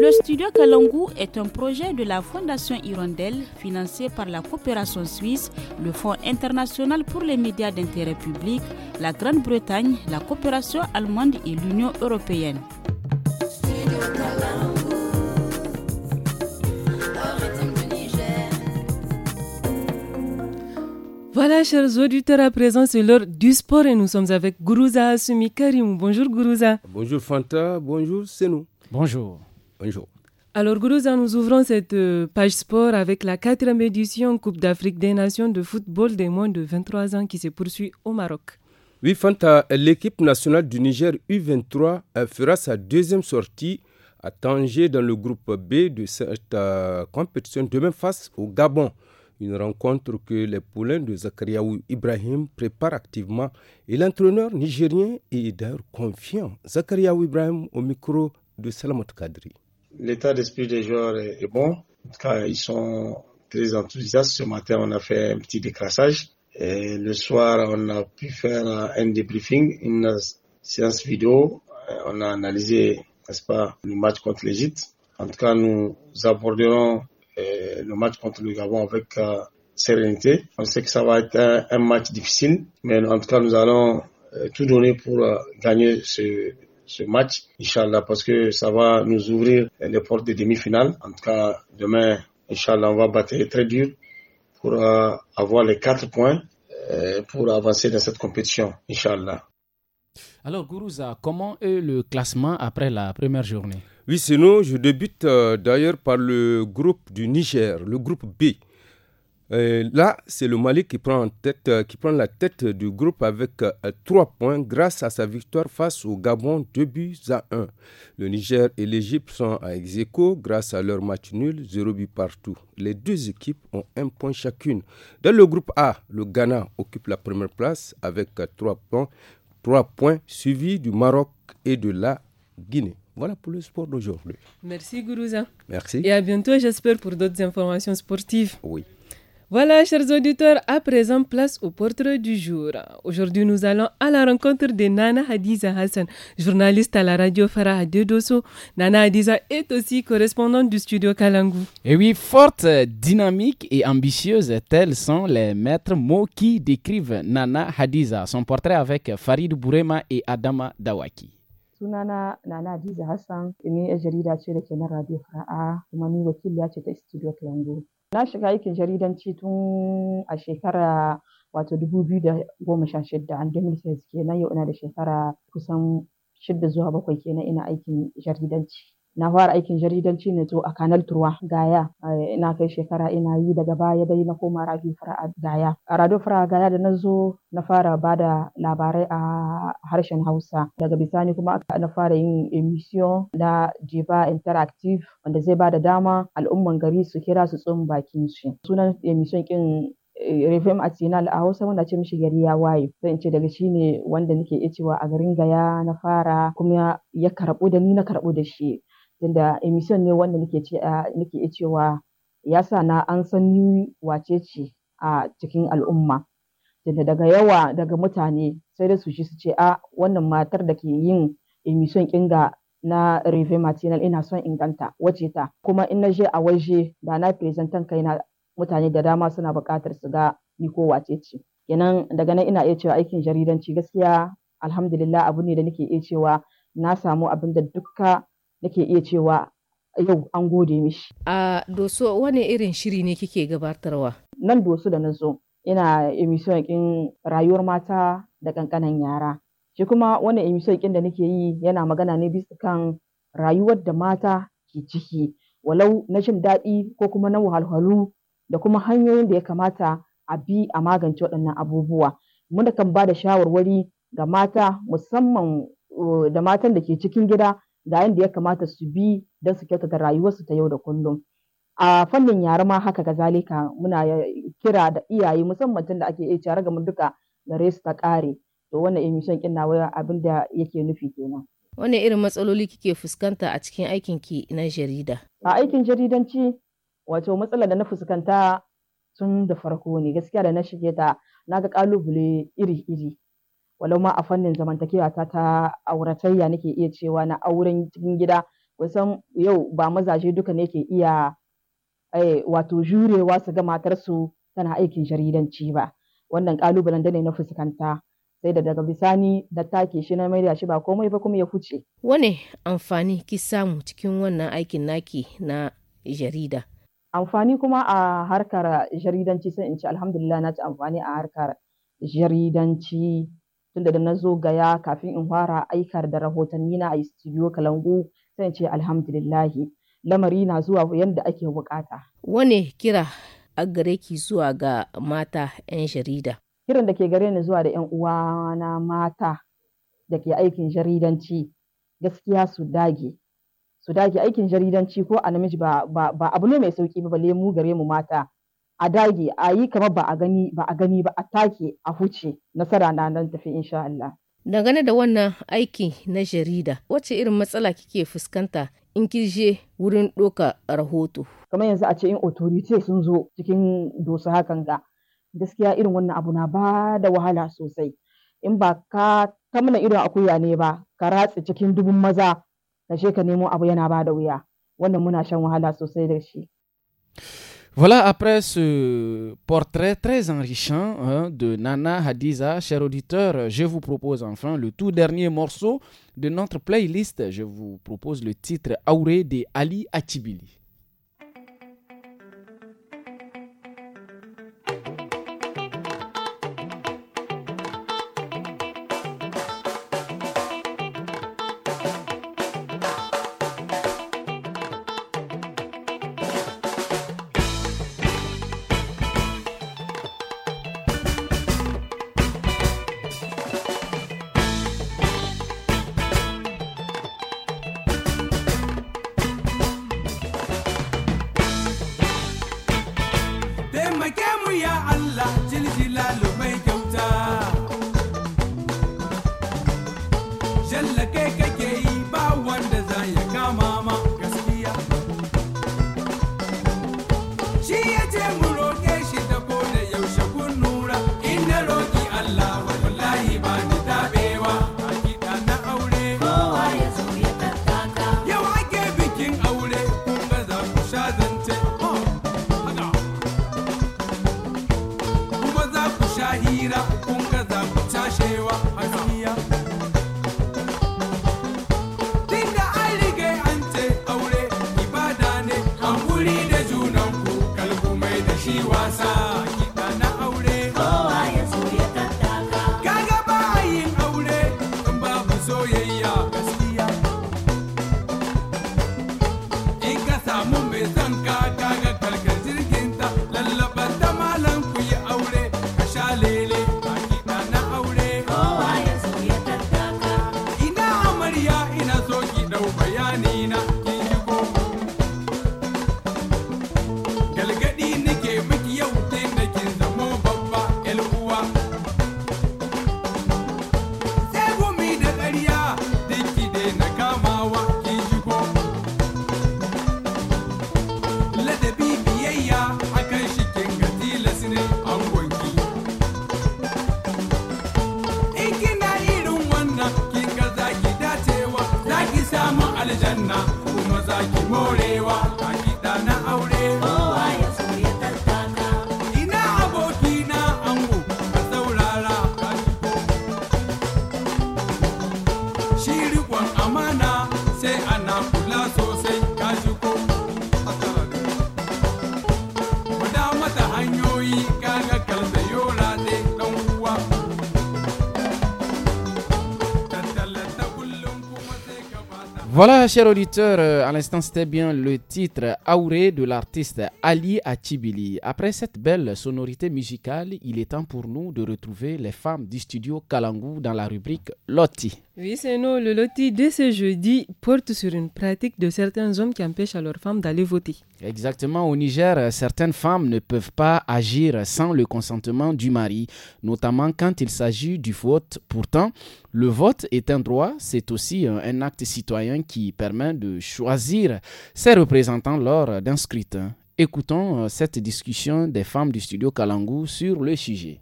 Speaker 6: Le studio Kalangu est un projet de la Fondation Hirondelle financé par la coopération suisse, le Fonds international pour les médias d'intérêt public, la Grande-Bretagne, la coopération allemande et l'Union européenne.
Speaker 1: Voilà, chers auditeurs, à présent, c'est l'heure du sport et nous sommes avec Gourouza Asumi Karim. Bonjour Gourouza.
Speaker 10: Bonjour Fanta, bonjour c'est nous. Bonjour.
Speaker 11: Bonjour.
Speaker 1: Alors Gourouza, nous ouvrons cette euh, page sport avec la quatrième édition Coupe d'Afrique des Nations de football des moins de 23 ans qui se poursuit au Maroc.
Speaker 11: Oui,
Speaker 10: Fanta, l'équipe nationale du Niger U23 euh, fera sa deuxième sortie à Tanger dans le groupe B de cette compétition euh, compétition demain face au Gabon une rencontre que les poulains de Zakariaou Ibrahim préparent activement et l'entraîneur nigérien est d'ailleurs confiant. Zakariaou Ibrahim au micro de Salamot Kadri.
Speaker 9: L'état d'esprit des joueurs est bon, cas, ils sont très enthousiastes. Ce matin, on a fait un petit décrassage. Et le soir, on a pu faire un débriefing, une séance vidéo. Euh, on a analysé, n'est-ce pas, le match contre l'Égypte. En tout cas, nous aborderons euh, le match contre le Gabon avec euh, sérénité. On sait que ça va être un, match difficile, mais en tout cas, nous allons euh, tout donner pour gagner ce, match, Inch'Allah, parce que ça va nous ouvrir les portes des demi-finales. En tout cas, demain, Inch'Allah, on va battre très dur pour avoir les quatre points pour avancer dans cette compétition,
Speaker 10: Inch'Allah.
Speaker 2: Alors, Gourouza, comment est le classement après la première journée
Speaker 10: oui, sinon, je débute euh, d'ailleurs par le groupe du Niger, le groupe B. là, c'est le Mali qui prend, tête, euh, qui prend la tête du groupe avec euh, trois points grâce à sa victoire face au Gabon 2 buts à 1. Le Niger et l'Égypte sont à ex grâce à leur match nul, 0 but partout. Les deux équipes ont un point chacune. Dans le groupe A, le Ghana occupe la première place avec trois points, 3 points suivi du Maroc et de la Guinée. Voilà pour le sport d'aujourd'hui.
Speaker 1: Merci Gourouza. Merci. Et à bientôt, j'espère, pour d'autres informations sportives. Oui. Voilà, chers auditeurs, à présent, place au portrait du jour. Aujourd'hui, nous allons à la rencontre de Nana Hadiza Hassan, journaliste à la radio Farah Dosso. Nana Hadiza est aussi correspondante du studio Kalangu. Et oui, forte, dynamique et
Speaker 2: ambitieuse, tels sont les maîtres mots qui décrivent Nana Hadiza. Son portrait avec Farid Bourema et Adama Dawaki.
Speaker 12: Sunana Nana Hadiza Hassan, ni a jarida ce da ke na Radio Fara'a kuma ni wakiliya ce ta Studio Kalango. Na shiga aikin jaridanci tun a shekara wato 2016 an dami kenan yau ina da shekara kusan shidda zuwa bakwai kenan ina aikin jaridanci. na fara aikin jaridanci ne to a kanal turwa gaya eh, na kai shekara ina yi daga baya dai na koma radio fara gaya a radio fara gaya da na zo na fara ba da labarai a harshen hausa daga bisani kuma na fara yin emission na jiba interactive wanda zai ba da dama al'umman gari su kira su tsun bakin shi sunan emission kin eh, Refem Arsenal a Hausa wanda ce mishi gari ya waye zan ce daga shi ne wanda nake iya cewa a garin gaya na fara kuma ya karɓo da ni na karɓo da shi tunda emission ne wanda nake ce iya cewa ya sa na an san ni wace ce a cikin al'umma tunda daga yawa daga mutane sai da su shi su ce a wannan matar da ke yin emission kinga na Rive Matinal ina son inganta wace ta kuma in na je a waje da na presentan kaina mutane da dama suna buƙatar su ga ni ko wace ce kenan daga nan ina iya cewa aikin jaridanci gaskiya alhamdulillah abu ne da nake iya cewa na samu abin da dukka nake iya cewa yau an gode mishi. A doso wani irin shiri ne kike gabatarwa? Nan doso da na ina emission ɗin rayuwar mata da ƙanƙanan yara. Shi kuma wani emission ɗin da nake yi yana magana ne bisa kan rayuwar da mata ke ciki walau na jin daɗi ko kuma na wahalhalu da kuma hanyoyin da ya kamata a bi a magance waɗannan abubuwa. Muna kan ba da shawarwari ga mata musamman uh, da matan da ke cikin gida ga yadda ya kamata su bi don su kyautata rayuwarsu ta yau da kullum a fannin yare ma haka kazalika muna kira da iyaye musamman tun da ake iya tare ga duka gare su ta kare to wannan emission kin nawa abin da yake nufi kenan wannan irin matsaloli kike fuskanta a cikin aikin ki na jarida a aikin jaridanci wato matsalar da na fuskanta tun da farko ne gaskiya da na shige ta na ga kalubale iri-iri walau ma a fannin zamantakewa ta ta auratayya nake iya cewa na auren cikin gida kusan yau ba mazaje duka ne ke iya eh, wato jurewa su ga matarsu tana aikin jaridanci ba wannan kalubalen da ne na fuskanta sai da daga bisani da take shi na maida shi ba komai ba kuma ya fuce wane amfani ki samu cikin wannan aikin naki na jarida amfani kuma a harkar jaridanci sai in ci alhamdulillah na ci amfani a harkar jaridanci tunda da na zo gaya kafin in fara aikar da rahotanni na a studio kalangu sai ce alhamdulillahi lamari na zuwa yadda ake bukata wane kira a gare ki zuwa ga mata 'yan jarida kiran da ke gare ni zuwa da 'yan uwa na mata da ke aikin jaridanci gaskiya su dage su dage aikin jaridanci ko a namiji ba, abu ne mai sauki ba balle mu gare mu mata a dage a yi kamar ba a gani ba a gani ba a take a huce nasara na nan tafi insha Allah. Dangane da wannan aiki na jarida wacce irin matsala kike fuskanta in kirje wurin ɗoka rahoto. Kamar yanzu a ce in authority sun zo cikin dosa hakan ga gaskiya irin wannan abu na ba da wahala sosai in ba ka kamna irin akuya ne ba ka ratsa cikin dubun maza ka ka nemo abu yana ba da wuya wannan muna shan wahala sosai da shi.
Speaker 2: Voilà, après ce portrait très enrichant hein, de Nana Hadiza, cher auditeur, je vous propose enfin le tout dernier morceau de notre playlist. Je vous propose le titre Auré de Ali Atibili. Voilà, chers auditeurs, euh, à l'instant c'était bien le titre Auré de l'artiste Ali Atibili. Après cette belle sonorité musicale, il est temps pour nous de retrouver les femmes du studio Kalangu dans la rubrique Lotti.
Speaker 1: Oui, c'est nous. Le loti de ce jeudi porte sur une pratique de certains hommes qui empêchent à leurs femmes d'aller voter. Exactement. Au Niger, certaines femmes ne peuvent pas
Speaker 2: agir sans le consentement du mari, notamment quand il s'agit du vote. Pourtant, le vote est un droit, c'est aussi un acte citoyen qui permet de choisir ses représentants lors d'un scrutin. Écoutons euh, cette discussion des femmes du studio Kalangu sur le sujet.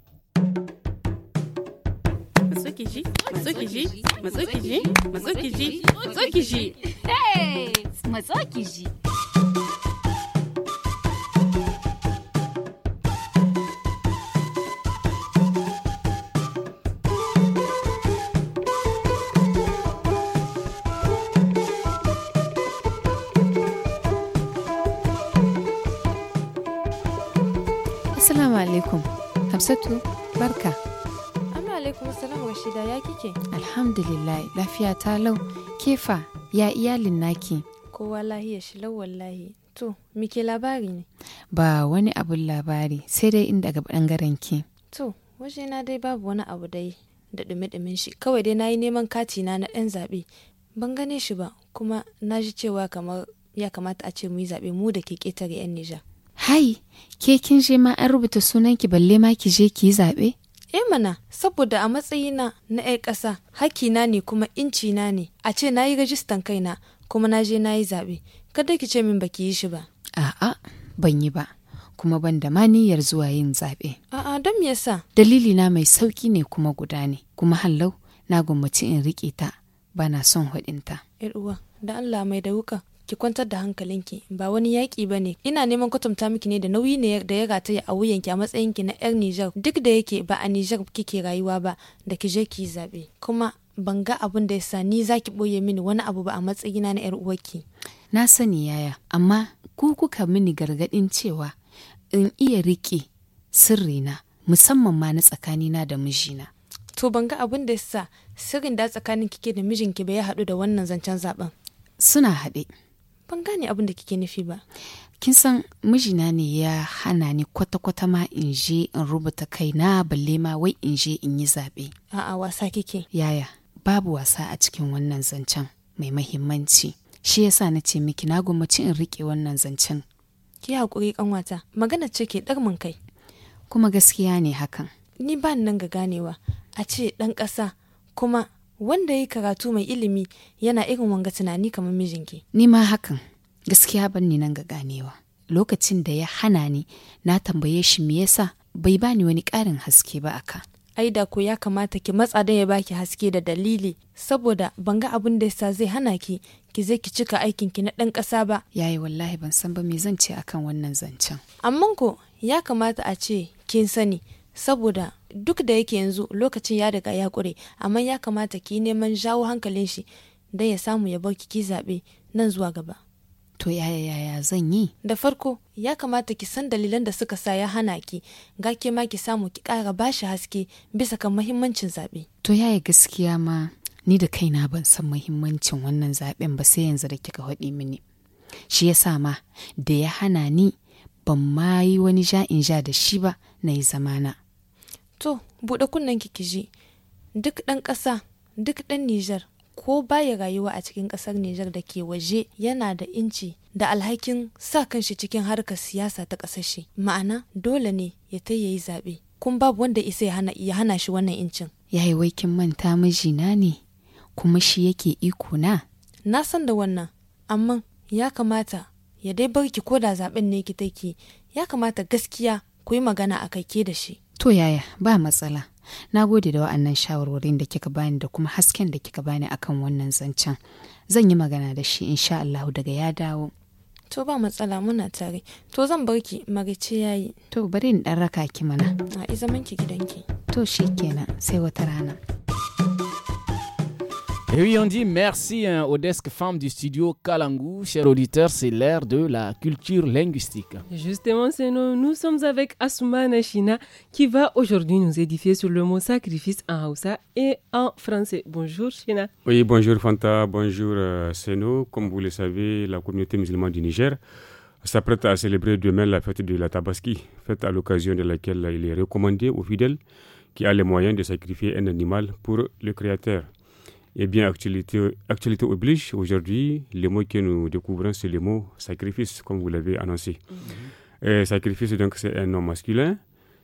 Speaker 6: Matsukiji, Matsukiji, Matsukiji, Matsukiji, Matsukiji. Hey, Matsukiji.
Speaker 13: Assalamu alaikum. Hamsatu, barka.
Speaker 14: alaikum salam shida ya kike
Speaker 13: alhamdulillah lafiya ta lau kefa ya iyalin naki
Speaker 14: kowa lahiya shi lau wallahi to muke labari ne
Speaker 13: ba wani abun labari sai dai inda ga bangaren ki
Speaker 14: to na dai babu wani abu dai da dumi-dumin shi kawai dai nayi neman kati na na ɗan zaɓe ban gane shi ba kuma na ji cewa kamar ya kamata a ce mu yi zaɓe mu da ke ƙetare 'yan Nija.
Speaker 13: Hai, ke kin je ma an rubuta sunan sunanki balle ma ki je ki yi zaɓe?
Speaker 14: Eh mana, saboda a matsayina na 'yan ƙasa, hakina ne kuma incina ne, a ce na yi rajistan kaina kuma na je na yi zaɓe, kada ki ce min baki yi shi ba.
Speaker 13: A'a, ban yi ba. kuma ban da niyyar zuwa yin zaɓe.
Speaker 14: A'a don me yasa?
Speaker 13: Dalili na mai sauki ne kuma guda ne, kuma hallau na gwammaci in riƙe ta bana son hudinta
Speaker 14: Yar uwa, da Allah mai da wuka, ki kwantar da hankalinki ba wani yaƙi ba ne ina neman kwatanta miki ne da nauyi ne da ya rataya a ki a matsayinki na yar Nijar duk da yake ba a Nijar kike rayuwa ba da ki je ki zaɓe kuma ban ga abin da yasa ni zaki ɓoye mini wani abu ba a matsayina na yar uwarki.
Speaker 13: Na sani yaya amma ku kuka mini gargaɗin cewa in iya riƙe sirrina musamman ma na tsakanina da mijina.
Speaker 14: To ban ga abin da yasa sirrin da tsakanin kike da mijinki bai haɗu da wannan zancen zaben. Suna haɗe. ban gane abin da kike nufi ba
Speaker 13: kin san mijina ne ya hana ni kwata-kwata ma in je in rubuta kaina balle ma wai in je in yi zaɓe
Speaker 14: a'a wasa kike
Speaker 13: yaya babu wasa a cikin wannan zancen mai mahimmanci shi yasa na ce miki na gwamnati in riƙe wannan zancen
Speaker 14: ki haƙuri ƙanwata magana ce ke ɗarmin kai
Speaker 13: kuma gaskiya ne hakan
Speaker 14: ni ba nan ga ganewa a ce ɗan ƙasa kuma wanda ya karatu mai ilimi yana irin wanga tunani kamar mijinki.
Speaker 13: Ni ma hakan gaskiya ban ni nan ga ganewa. Lokacin da ya hana ni na tambaye shi me yasa bai bani wani ƙarin haske ba aka.
Speaker 14: Ai da ko ya kamata ki matsa don ya baki haske da dalili saboda ban ga abin da yasa zai hana ki ki zai ki cika aikin ki na ɗan ƙasa
Speaker 13: ba. Yayi wallahi ban san ba me zan ce akan wannan zancen.
Speaker 14: Amman ko ya kamata a ce kin sani saboda duk da yake yanzu lokacin ya riga ya ƙure amma ya kamata ki neman jawo hankalin shi don ya samu ya bar ki zaɓe nan zuwa gaba.
Speaker 13: To yaya yaya zan yi? Da
Speaker 14: farko ya kamata ki san dalilan da suka sa ya hana ki ga ke ma ki samu ki kara bashi haske bisa kan mahimmancin zaɓe.
Speaker 13: To yaya gaskiya ma ni da kaina ban san mahimmancin wannan zaɓen ba sai yanzu da kika haɗi mini. Shi ya sa ma da ya hana ni ban ma yi wani ja in ja da shi ba na yi zamana.
Speaker 14: to buɗe kunnen ki ji duk ɗan ƙasa duk ɗan nijar ko baya rayuwa a cikin ƙasar nijar da ke waje yana da inci da alhakin sa kan shi cikin harkar siyasa ta ƙasar shi ma'ana dole ne ya ta yayi zaɓe kun babu wanda isa ya hana shi wannan incin
Speaker 13: yayi waikin kin manta mijina ne kuma shi yake iko na
Speaker 14: na san da wannan amma ya kamata ya dai barki ko da zaɓen ne ki take ya kamata gaskiya ku yi magana a kai ke da shi
Speaker 13: To yaya ba matsala. Na gode da wa'annan shawarwarin da kika bani da kuma hasken da kika bani akan wannan zancen. Zan yi magana da shi insha Allah daga ya dawo. To ba matsala muna tare. To zan barki marice yayi. To bari in ɗan raka ki mana. A zaman ki gidanki. To shikenan sai wata rana.
Speaker 2: Et oui, on dit merci hein, aux desk femmes du studio Kalangu. cher auditeur, c'est l'ère de la culture linguistique.
Speaker 1: Justement, c'est nous. Nous sommes avec Asuma Nashina qui va aujourd'hui nous édifier sur le mot sacrifice en Hausa et en français. Bonjour, Shina.
Speaker 15: Oui, bonjour, Fanta. Bonjour, euh, Seno. Comme vous le savez, la communauté musulmane du Niger s'apprête à célébrer demain la fête de la Tabaski, fête à l'occasion de laquelle il est recommandé aux fidèles qui a les moyens de sacrifier un animal pour le Créateur. Eh bien, actualité, oblige, aujourd'hui, le mot que nous découvrons, c'est le mot sacrifice, comme vous l'avez annoncé. Mhm. Euh, sacrifice, donc, c'est un nom masculin,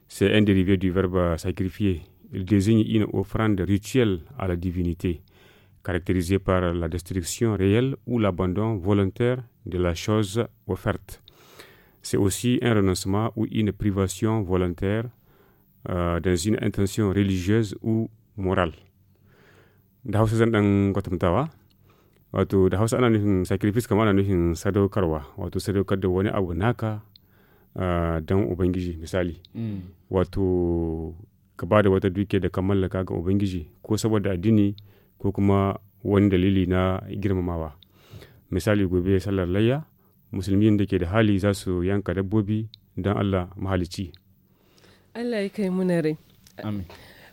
Speaker 15: c'est un dérivé du verbe sacrifier. Il désigne une offrande rituelle à la divinité, caractérisée par la destruction réelle ou l'abandon volontaire de la chose offerte. C'est aussi un renoncement ou une privation volontaire euh, dans une intention religieuse ou morale. da hausa zan dan kwatantawa wato da hausa ana nufin sacrifice kamar ana nufin sadaukarwa wato sadaukar da wani abu naka don ubangiji misali mm. wato ka ba da wata duke da ka mallaka ga ubangiji ko saboda addini ko kuma wani dalili na girmamawa misali gobe sallar layya musulmi da ke da hali za su yanka dabbobi don allah mahalici
Speaker 1: allah ya kai muna rai amin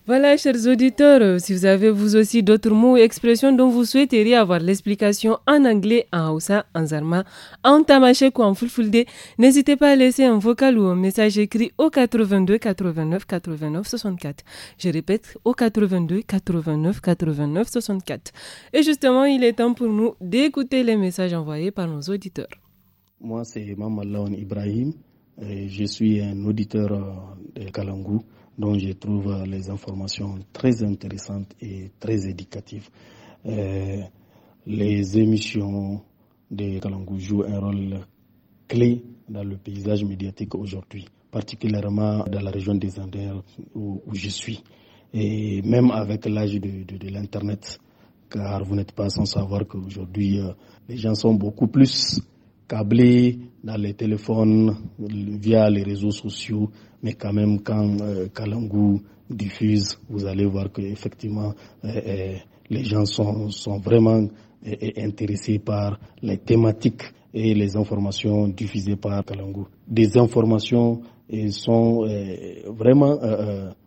Speaker 1: Voilà, chers auditeurs, si vous avez vous aussi d'autres mots ou expressions dont vous souhaiteriez avoir l'explication en anglais, en haussa, en Zarma, en Tamashek ou en Fulfulde, n'hésitez pas à laisser un vocal ou un message écrit au 82 89 89 64. Je répète, au 82 89 89 64. Et justement, il est temps pour nous d'écouter les messages envoyés par nos auditeurs.
Speaker 9: Moi, c'est Maman Ibrahim. je suis un auditeur euh, de Kalangou dont je trouve euh, les informations très intéressantes et très éducatives. Euh, les émissions de Kalangou jouent un rôle clé dans le paysage médiatique aujourd'hui, particulièrement dans la région des Andes où, je suis. Et même avec l'âge de, l'Internet, car vous n'êtes pas sans savoir qu'aujourd'hui, euh, les gens sont beaucoup plus câblé dans les téléphones, via les réseaux sociaux, mais quand même quand euh, Kalangu diffuse, vous allez voir que effectivement euh, euh, les gens sont, sont vraiment intéressés par les thématiques et les informations diffusées par Kalangu. Des informations sont vraiment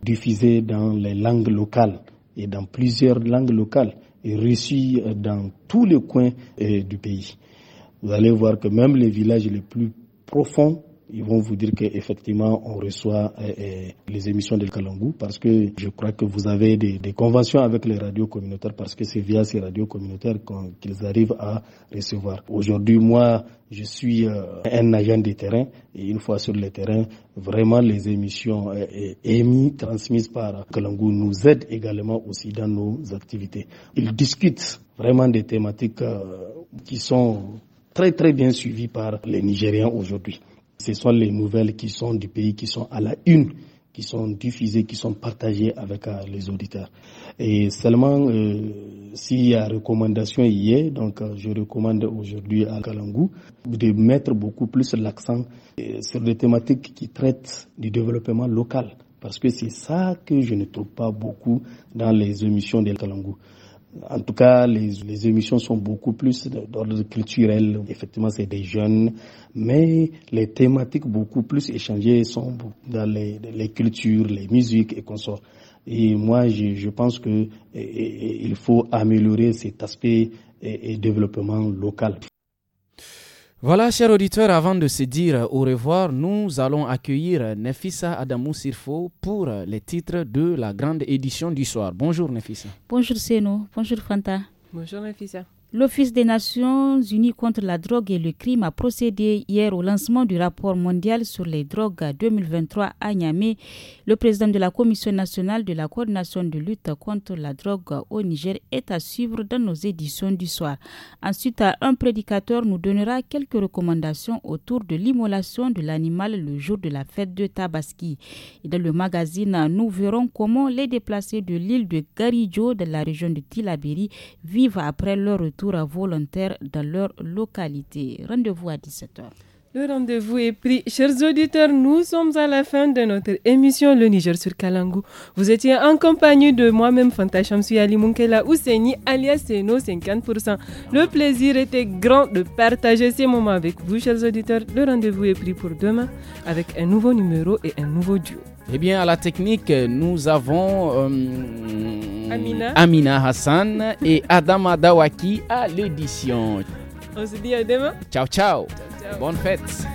Speaker 9: diffusées dans les langues locales et dans plusieurs langues locales et reçues dans tous les coins du pays vous allez voir que même les villages les plus profonds ils vont vous dire qu'effectivement, on reçoit euh, euh, les émissions de Kalangou parce que je crois que vous avez des, conventions avec les radios communautaires parce que c'est via ces radios communautaires qu'ils arrivent à recevoir. Aujourd'hui, moi, je suis euh, un agent de terrain et une fois sur le terrain, vraiment les émissions émises, transmises par Kalangou nous aident également aussi dans nos activités. Ils discutent vraiment des thématiques qui sont très très bien suivi par les Nigériens aujourd'hui. Ce sont les nouvelles qui sont du pays, qui sont à la une, qui sont diffusées, qui sont partagées avec euh, les auditeurs. Et seulement euh, s'il y a recommandation est. donc euh, je recommande aujourd'hui à Kalangou de mettre beaucoup plus l'accent sur les thématiques qui traitent du développement local. Parce que c'est ça que je ne trouve pas beaucoup dans les émissions de Kalangou. En tout cas, les, les émissions sont beaucoup plus d'ordre culturel. Effectivement, c'est des jeunes, mais les thématiques beaucoup plus échangées sont dans les, les cultures, les musiques et consorts. Et moi, je, je pense que il faut améliorer cet aspect et, et développement local.
Speaker 2: Voilà, chers auditeurs, avant de se dire au revoir, nous allons accueillir Nefissa Adamou Sirfo pour les titres de la grande édition du soir. Bonjour Nefissa.
Speaker 6: Bonjour Seno.
Speaker 1: Bonjour Fanta. Bonjour Nefissa.
Speaker 6: L'Office des Nations Unies contre la drogue et le crime a procédé hier au lancement du rapport mondial sur les drogues 2023 à Niamey. Le président de la Commission nationale de la coordination de lutte contre la drogue au Niger est à suivre dans nos éditions du soir. Ensuite, un prédicateur nous donnera quelques recommandations autour de l'immolation de l'animal le jour de la fête de Tabaski. Et dans le magazine, nous verrons comment les déplacés de l'île de Garidjo de la région de Tilabiri vivent après leur à volontaire dans leur localité. Rendez-vous à 17h.
Speaker 1: Le rendez-vous est pris. Chers auditeurs, nous sommes à la fin de notre émission Le Niger sur Kalangou. Vous étiez en compagnie de moi-même, Fanta Ali Munkela Ouseni, alias Seno 50%. Le plaisir était grand de partager ces moments avec vous, chers auditeurs. Le rendez-vous est pris pour demain avec un nouveau numéro et un nouveau duo.
Speaker 2: Eh bien, à la technique, nous avons euh, Amina. Hassan et Adama Dawaki à l'édition.
Speaker 1: On se dit à demain.
Speaker 2: ciao, ciao. ciao, ciao. Bonne fête.